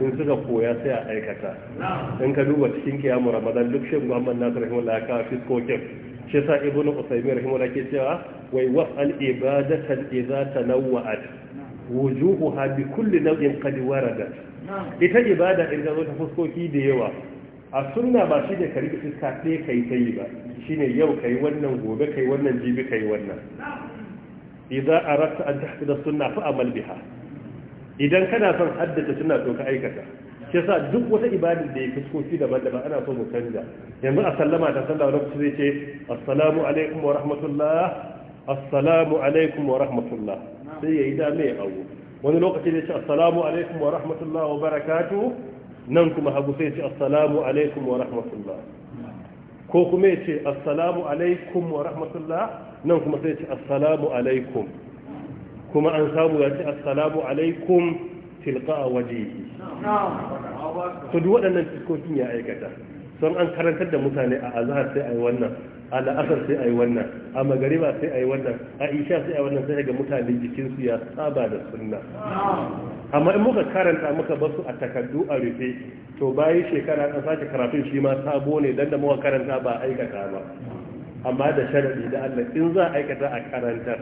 Speaker 1: in suka koya sai a aikata in ka duba cikin kiyamu ramadan duk shi muhammad nasir rahimahullah ya kawo fiskokin shi sa ibn usaymin rahimahullah ke cewa wai was'al ibadatan idza tanawwa'at wujuhuha bi kulli naw'in qad waradat ita ibada in ka zo ta fuskoki da yawa a sunna ba shi ne ka riƙe fuska ɗaya kai ta yi ba shine yau kai wannan gobe kai wannan jibi kai wannan idza aratta an tahfida suna fa amal biha idan kana son haddace sunna ka aikata shi yasa duk wata ibada da ya fuskoki daban-daban ana so mu canja yanzu a sallama ta sallah wani zai ce assalamu alaikum wa rahmatullah assalamu alaikum wa rahmatullah sai ya yi dame ya abu wani lokaci zai ce assalamu alaikum wa rahmatullah wa barakatu nan kuma hagu sai ce assalamu alaikum wa rahmatullah ko kuma ya ce assalamu alaikum wa rahmatullah nan kuma sai ya ce assalamu alaikum kuma an samu ya ce assalamu alaikum a waje to duk waɗannan fiskokin ya aikata don an karantar da mutane a azhar sai a yi wannan a la'asar sai a yi wannan a magariba sai a yi wannan a isha sai a yi wannan sai ga mutane jikinsu ya saba da sunna amma in muka karanta muka ba su a takardu a rufe to bayan shekara an sake karatun shi ma sabo ne dan da muka karanta ba aikata ba amma da sharadi da Allah in za a aikata a karantar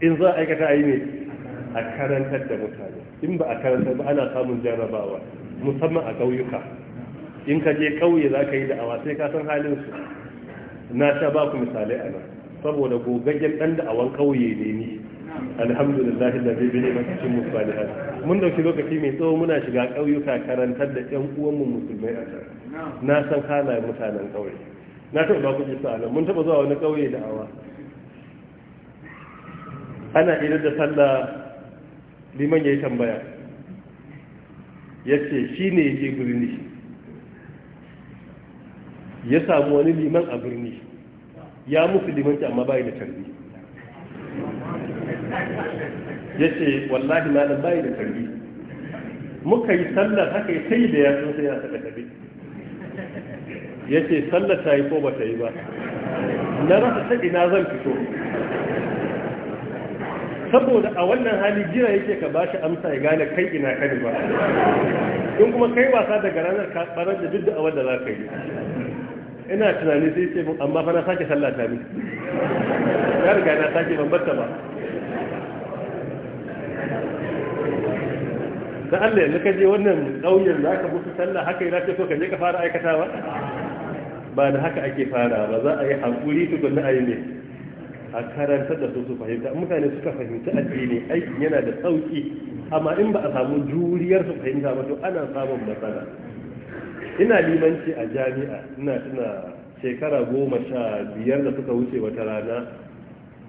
Speaker 1: in za a aikata a yi ne a karantar da mutane in ba a karantar ba ana samun jarabawa musamman a ƙauyuka in ka je ƙauye za ka yi da'awa sai ka san halin su na sha ba ku misalai a nan saboda gogaggen dan da'awan ƙauye ne ni alhamdulillah da zai bane maka cin musalihan mun dauki lokaci mai tsawo muna shiga ƙauyuka karantar da ƴan mu musulmai a can na san halayen mutanen kauye na taɓa ba ku ji sa'alan mun taɓa zuwa wani ƙauye da'awa ana idar da sallah liman ya yi tambaya ya ce shi ne ya je birni ya samu wani liman a birni ya musu limanci amma bayi da tarbi ya ce wallahi malam bayi da tarbi muka yi sallar haka ya sai da yatsun sai ya saka tabi ya ce sallar ta yi ko ba ta yi ba na rasa ta ina zan fito saboda a wannan hali jira yake ka bashi amsa ya gane kai ina kani ba in kuma kai wasa daga ranar ka da duk da awar da za ka yi ina tunani sai ce mun amma fa na sake sallah ta miki ya riga na sake ban batta ba da Allah yanzu ka je wannan ɗauyen za ka musu sallah haka yana ce so ka je ka fara aikatawa ba da haka ake fara ba za a yi hankuri tukunna a yi ne a karanta da su su fahimta mutane suka fahimci addini aikin yana da sauki amma in ba a samu juriyar su fahimta ba to ana samun matsala ina limanci a jami'a ina tuna shekara goma sha biyar da suka wuce wata rana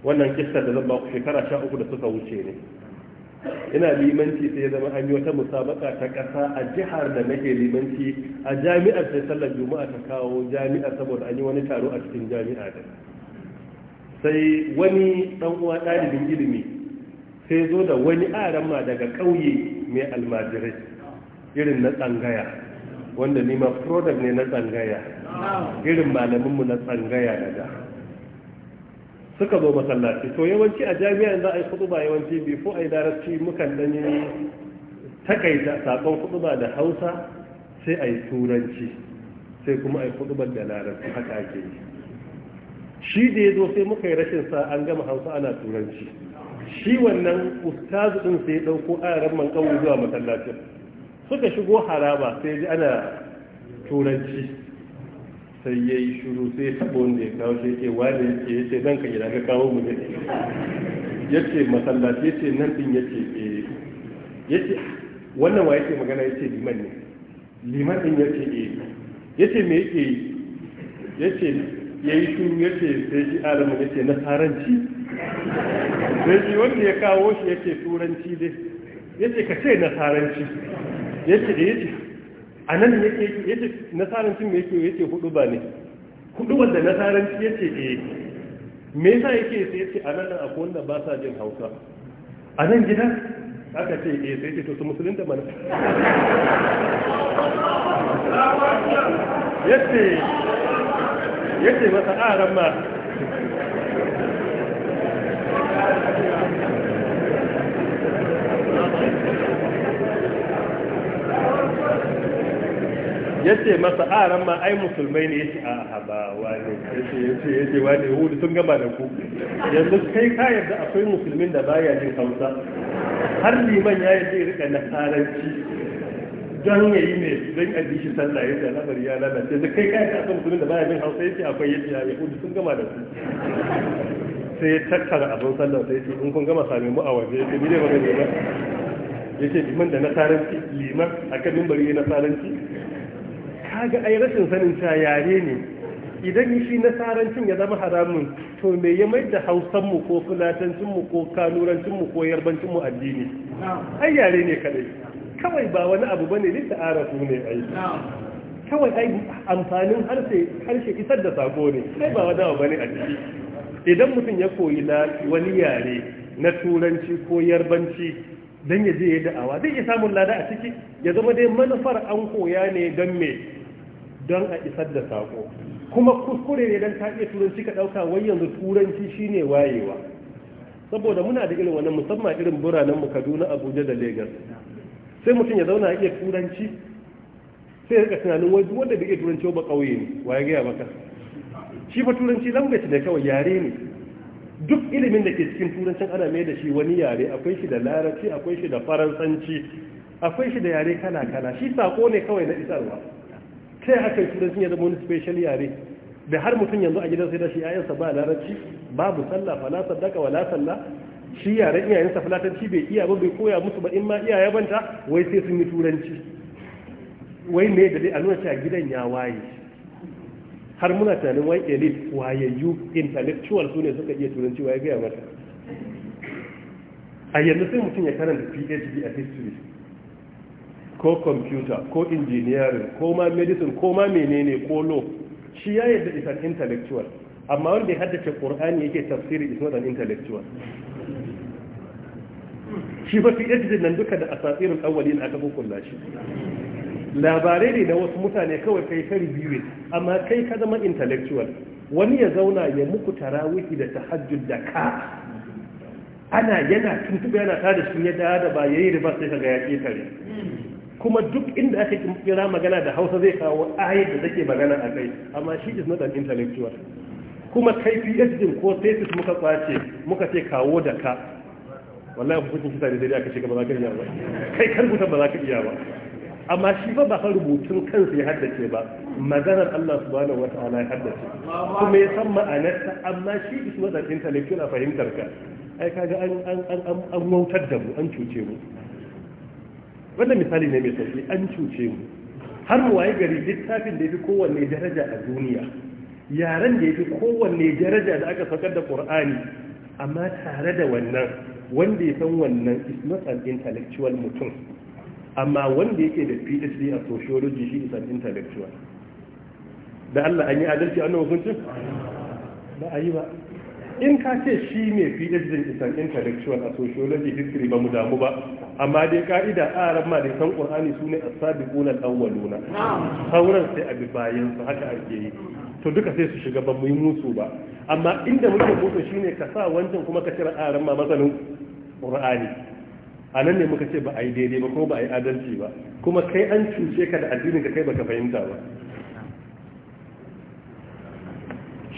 Speaker 1: wannan kista da zan baku shekara sha uku da suka wuce ne ina limanci sai zama an yi wata musabaka ta ƙasa a jihar da nake limanci a jami'ar sai sallar juma'a ta kawo jami'a saboda an yi wani taro a cikin jami'a da sai wani dan uwa ɗalibin ilimi sai zo da wani aran daga ƙauye mai almajirai irin na tsangaya wanda nima product ne na tsangaya irin malaminmu na tsangaya na da suka zo masallaci to yawanci a jami'a za a yi kutuba yawanci before a yi darasci mukan dan yi takaita sakon kutuba da hausa sai a yi turanci sai kuma a yi kutubar da larabci haka ake yi shi da ya zo sai muka yi rashin sa an gama hausa ana turanci shi wannan ustazu din sai ya ɗauko ayaran man kawo zuwa masallacin suka shigo haraba sai ji ana turanci sai ya yi shuru sai ya da wanda ya kawo shi ya ce wani ya ce ya ce zan ka gida ka kawo mu ne ya ce masallaci ya ce nan ɗin ya ce eh. ya ce wannan wa ya ce magana ya ce liman ne liman ɗin ya ce eh ya ce me yake yi ya ce ya yi shuru ya ce sai shi alamun ya ce nasaranci sai shi wanda ya kawo shi ya ce turanci dai ya ce ka ce nasaranci yace da eh, yace a nan yake yace nasarancin mai yake yace hudu ba ne hudu wanda nasaranci yake ke eh. me yasa yake sai yake a nan a wanda ba sa jin Hausa a nan gida aka ce eh sai yake to su da mana
Speaker 2: yace yace
Speaker 1: masa aran ma ya ce masa a ran ma ai musulmai ne ya ce a haba wani ya ce ya ce wani hudu sun gaba da ku yanzu kai ka yarda akwai musulmin da baya jin hausa har liman ya yi zai rika nasaranci don ya yi mai don a shi sallah ya ce alamar ya lalace da kai ka yarda akwai musulmin da baya jin hausa ya ce akwai ya ce hudu sun gama da ku sai ya tattara abin sallah sai ya ce in kun gama sami mu a waje ya ce ni dai ba ga ba. ya ce liman da nasaranci liman a kan mimbari ya nasaranci kaga ai rashin sanin ta yare ne idan shi nasarancin ya zama haramun to me ya mai da hausan mu ko fulatancin mu ko kanurancin mu ko yarbancin mu addini ai yare ne kadai kawai ba wani abu bane ne da arafu ne ai kawai ai amfanin harshe harshe isar da sako ne sai ba wani abu bane a ciki idan mutum ya koyi na wani yare na turanci ko yarbanci dan ya je ya da'awa zai iya samun lada a ciki ya zama dai manufar an koya ne don me don a isar da saƙo. kuma kuskure ne don ka iya turanci ka ɗauka wai yanzu turanci shine wayewa saboda muna da irin wannan musamman irin biranen mu Kaduna Abuja da Legas. sai mutum ya zauna iya turanci sai ya rika tunanin wai wanda bai iya turanci ba ƙauye ne waye gaya maka shi fa turanci language ne kawai yare ne duk ilimin da ke cikin turancin ana mai da shi wani yare akwai shi da larabci akwai shi da faransanci akwai shi da yare kala kala shi sako ne kawai na isarwa sai aka yi sun ya zama wani special yare da har mutum yanzu a gidan sai da shi yayansa ba larabci babu sallah fala wa wala shi yare iyayensa fulatanci bai iya ba bai koya musu ba in ma iyaye banta wai sai sun yi turanci wai me da dai a nuna cewa gidan ya waye har muna tunanin wai elite wayayyu intellectual su ne suka iya turanci waye gaya mata a yanzu sai mutum ya karanta phd a history ko computer ko engineering ko ma medicine ko ma menene ko law shi ya yadda isan intellectual amma wanda ya haddace qur'ani yake tafsiri is not an intellectual shi ba fi yadda nan duka da asasirin awwalin aka hukunta shi labarai ne na wasu mutane kawai kai ta review amma kai ka zama intellectual wani ya zauna ya muku tarawihi da tahajjud da ka ana yana tuntuɓe yana tada shi ya da ba yayi riba sai kaga ya ketare kuma duk inda aka kira magana da hausa zai kawo ayi da take magana a kai amma shi is not an intellectual kuma kai phd ko thesis muka kwace muka ce kawo da ka wallahi hukuncin kisa ne da dai aka ce ba za ka iya ba kai kan rubuta ba za ka iya ba amma shi ba ba kan rubutun kansa ya haddace ba maganar Allah subhanahu wataala ya haddace kuma ya san ma'anarta amma shi is not an intellectual a fahimtar ka ai kaga an an an wautar da mu an cuce mu wannan misali ne mai sauki an cuce mu har mu waye gari littafin da ya fi kowanne daraja a duniya yaren da ya fi kowanne daraja da aka fakar da qur'ani amma tare da wannan wanda ya san wannan is not an intellectual mutum amma wanda yake da phd a sociology shi is an intellectual da Allah an yi adalci a wannan hukuncin ba a yi ba in ka ce shi ne phd in isan intellectual a sociology history ba mu damu ba amma dai ka'ida a ran ma dai san qur'ani sune as-sabiqun al-awwaluna sauran sai a bi bayan su haka ake yi to duka sai su shiga ba mu yi musu ba amma inda muke musu shine ka sa wancan kuma ka cire a ran ma masanin qur'ani a nan ne muka ce ba a yi daidai ba kuma ba a yi adalci ba kuma kai an cuce ka da addinin ka kai baka fahimta ba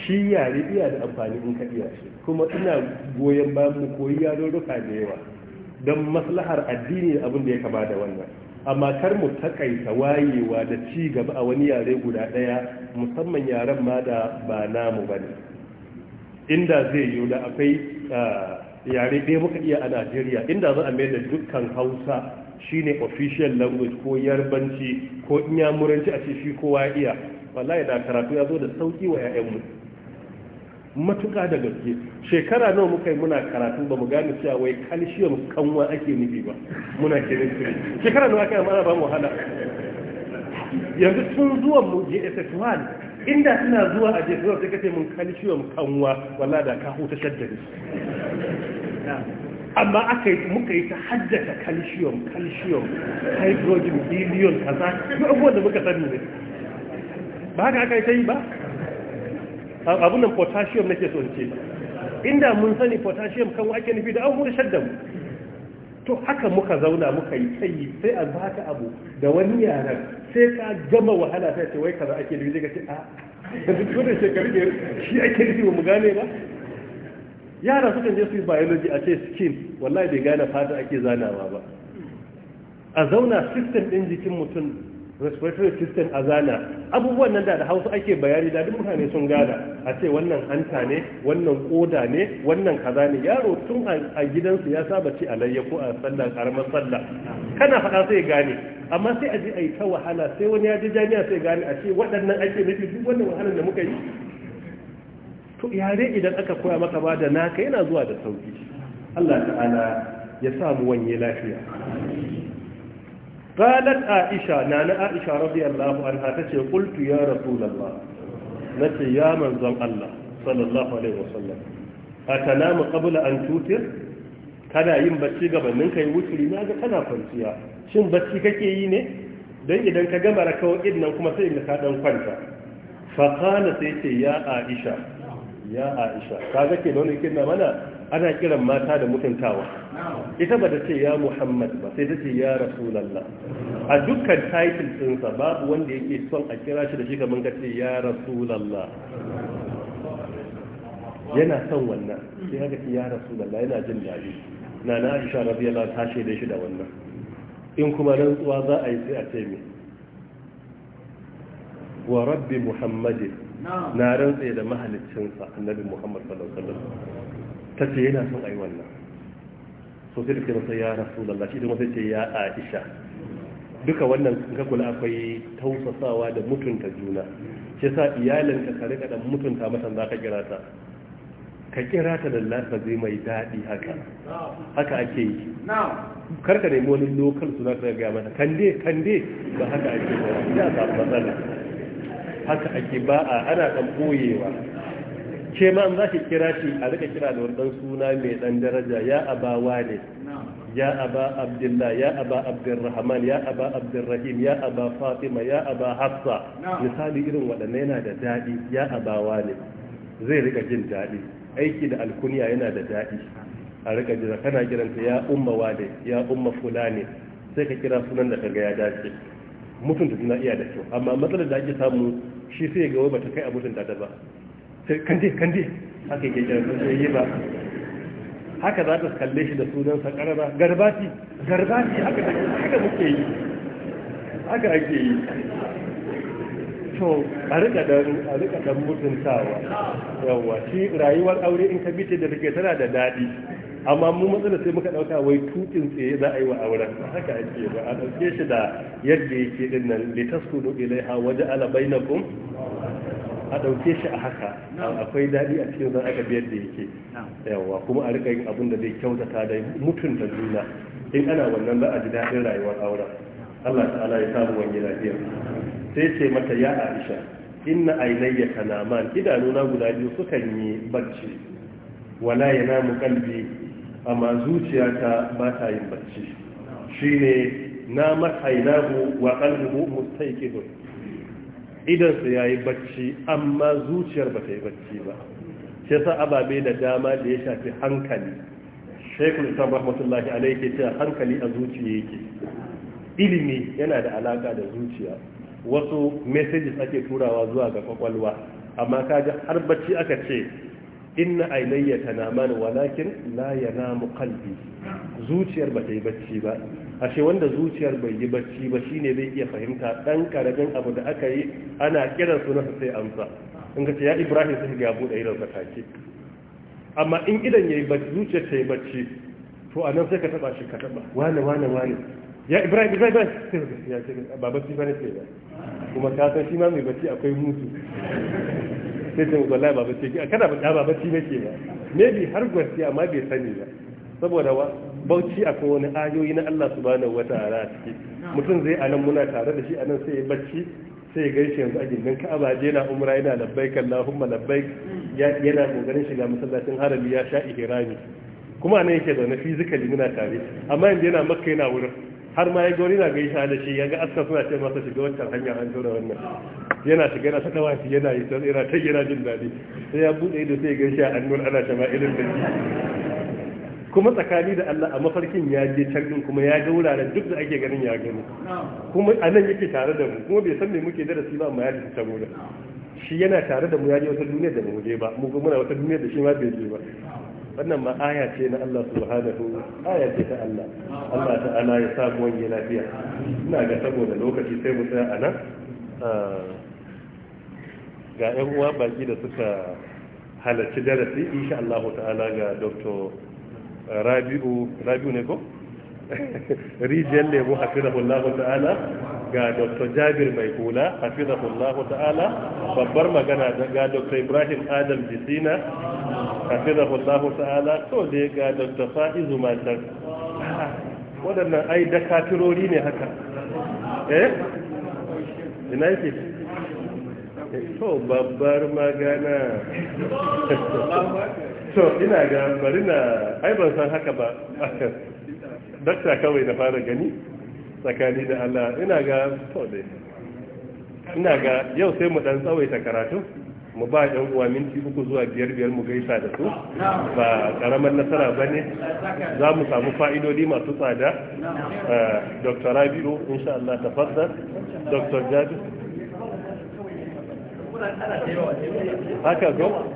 Speaker 1: shi yare iya da amfani in ka iya shi kuma ina goyon bayan mu koyi yarurruka da yawa don maslahar addini abin da ya kama da wannan amma kar mu takaita wayewa da ci gaba a wani yare guda ɗaya musamman yaren ma da ba namu ba ne inda zai yiwu da akwai yare ɗaya muka iya a najeriya inda za a mai da dukkan hausa shine official language ko yarbanci ko inyamuranci a ce shi kowa iya wallahi da karatu ya zo da sauki wa 'ya'yanmu matuƙa da gaske shekara nawa muka yi muna karatu ba mu gane cewa wai calcium kanwa ake nufi ba muna chemistry shekara nawa aka yi mana ba mu hana. yanzu tun zuwa mu JSS 1 inda suna zuwa a je zuwa sai kace mun calcium kanwa walla da ka huta shaddadi amma aka yi muka yi ta haddata calcium calcium hydrogen helium kaza duk abubuwan da muka sani ne ba haka aka yi ta yi ba abun nan potassium nake so ce inda mun sani potassium kan ake nufi da an hurshar da mu to haka muka zauna muka yi tsayi sai a zaka abu da wani yaran sai ka gama wahala ta ce wai kaza ake nufi zai a ah, da duk wani shekaru ne shi ake nufi mu gane ba yara sukan je su yi biology a ce skin wallahi bai gane fata ake zanawa ba a zauna system din jikin mutum respiratory system a zana abubuwan nan da da hausa ake bayani da duk mutane sun gada a ce wannan hanta ne wannan koda ne wannan kaza ne yaro tun a gidansu ya saba ci alayya ko a sallan karamar sallah kana faɗa sai gane amma sai a je a yi ta wahala sai wani ya je jami'a sai gane a ce waɗannan ake nufi duk wannan wahalar da muka yi to yare idan aka koya maka ba da naka yana zuwa da sauki Allah ta'ala ya samu wanye lafiya قالت عائشة نانا عائشة رضي الله عنها تسي قلت يا رسول الله نسي يا من زم الله صلى الله عليه وسلم أتنام قبل أن توتر kana yin bacci gaban ninka yi wuturi na ga kana kwanciya shin bacci kake yi ne don idan ka gama rakawa nan kuma sai ka dan kwanta fa kana sai ce ya aisha ya aisha kaga ke nuna kin mana ana kiran mata da mutuntawa ita ba ta ce ya muhammad ba sai ta ce ya rasulallah a dukkan title ɗinsa babu wanda yake son a kira shi da shi kamar ka ce ya rasulallah
Speaker 2: yana son wannan sai
Speaker 1: haka ce ya rasulallah yana jin daɗi na na aisha radiyallahu ta shaida shi da wannan in kuma rantsuwa za a yi sai a ce me wa rabbi muhammadin na rantse da mahaliccinsa annabi muhammad sallallahu alaihi wasallam tace yana son ayi wannan so sai duka masa ya rasulullah shi kuma sai ce ya aisha duka wannan in kula akwai tausasawa da mutunta juna shi yasa iyalin ka ka rika mutunta masa za ka kira ta ka kira ta ka zai mai daɗi haka haka ake yi kar ka nemi wani lokal su za ka ga mata kande kande ba haka ake ba ya ba matsala haka ake ba a ana dan ɓoyewa. ke ma za ki kira shi a rika kira da wani suna mai dan daraja ya aba wane ya aba abdullah ya aba abdurrahman ya aba abdurrahim ya aba fatima ya aba hafsa misali irin waɗanne yana da daɗi ya aba wane zai rika jin daɗi aiki da alkunya yana da daɗi a rika jira kana kiranta ya umma wane ya umma fulani sai ka kira sunan da kaga ya dace mutunta suna iya da kyau amma matsalar da ake samu shi sai ga wai bata kai a mutunta ta ba kande kande haka yake kira sun yi ba haka za ta kalle shi da sunansa karara garbati garbati haka muke yi
Speaker 2: haka ake yi to a rika
Speaker 1: dan a rika dan mutuntawa yawa shi rayuwar aure in ka bita da rike tana da dadi amma mu matsala sai muka dauka wai tukin tsaye za a yi wa auren haka ake ba a dauke shi da yadda yake din nan litaskunu ilaiha waje bainakum a ɗauke shi a haka akwai daɗi a cikin zan aka biyar da yake yawa kuma a rika yin abin da zai kyautata da mutunta juna in ana wannan za a ji daɗin rayuwar auren Allah ta'ala ya samu wani lafiya sai ce mata ya Aisha inna ainayya kanaman na guda biyu sukan yi bacci wala mu kalbi amma ta ba ta yin bacci shine na mathainahu wa qalbuhu mustaqidun idansa ya yi bacci amma zuciyar ba ta yi bacci ba shi sa ababe da dama da ya shafi hankali shekul islam rahmatullahi alaihi ke cewa hankali a zuciya yake ilimi yana da alaka da zuciya wasu messages ake turawa zuwa ga kwakwalwa amma kaga har bacci aka ce inna ailayya tanaman walakin la yanamu qalbi zuciyar ba ta yi bacci ba ashe wanda zuciyar bai yi bacci ba shine zai iya fahimta dan karamin abu da aka yi ana kiran sunansa sai amsa in ka ce ya ibrahim sai ga buɗe idan ka take amma in idan yayi bacci zuciyar ta yi bacci to a nan sai ka taba shi ka taba wani wani wani ya ibrahim ibrahim ya ce ba bacci bane sai ba kuma ka san shi ma mai bacci akwai mutu sai ta wallahi ba bacci kada ba ba bacci ke ba maybe har gaskiya amma bai sani ba saboda Bauci akwai wani ayoyi na Allah subhanahu wata'ala a ciki mutum zai a nan muna tare da shi anan sai ya bacci sai ya gaishe yanzu a gindin Ka'aba je na umra yana labbaik Allahumma labbaik yana kokarin shiga masallacin harami ya sha ihrami kuma nan yake zaune physically muna tare amma yanzu yana makka yana wurin har ma ya ga wani na gaishe da shi ya ga aska suna ce masa shiga wancan hanya an tura wannan yana shiga yana ta dawafi yana yi ta yana ta yana jin daɗi sai ya buɗe ido sai ya gaishe a annur ana shama irin da shi kuma tsakani da Allah a mafarkin ya je can kuma ya ga wuraren duk da ake ganin ya gani kuma a nan yake tare da mu kuma bai san me muke darasi ba amma ya tafi can wurin shi yana tare da mu ya je wata duniya da mu je ba mu kuma muna wata duniya da shi ma bai je ba wannan ma aya ce na Allah subhanahu aya ce ta Allah Allah ta'ala ya sa mu wani lafiya ina ga saboda lokaci sai mu tsaya a nan ah, ga ƴan uwa baki da suka halarci darasi insha Allah ta'ala ga Dr. rabi'u rabi'u ne ko
Speaker 2: rijiyar lemu
Speaker 1: hafizahullahu ta'ala ga dr jabir mai hula hafizahullahu ta'ala babbar magana ga dr ibrahim adam jisina hafizahullahu ta'ala to da ga dr fa'izu matan waɗannan ai da katirori ne haka eh
Speaker 2: ina yake eh,
Speaker 1: to babbar magana
Speaker 2: to ina ga
Speaker 1: bari na ai ban san haka ba dakta kawai na fara gani tsakani da Allah ina ga to dai ina ga yau sai mu dan tsawaita karatu mu ba ɗan uwa minti uku zuwa biyar biyar mu gaisa da su ba ƙaramar nasara bane ne za mu samu fa'idodi masu tsada eh, dr rabi'u insha Allah ta dr jadu
Speaker 2: haka zo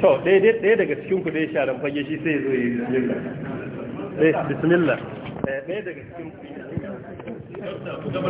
Speaker 1: to ɗaya daga cikin ku dai sharan fage shi sai zo yi bismillah eh, bismillah ɗaya eh, daga cikin ku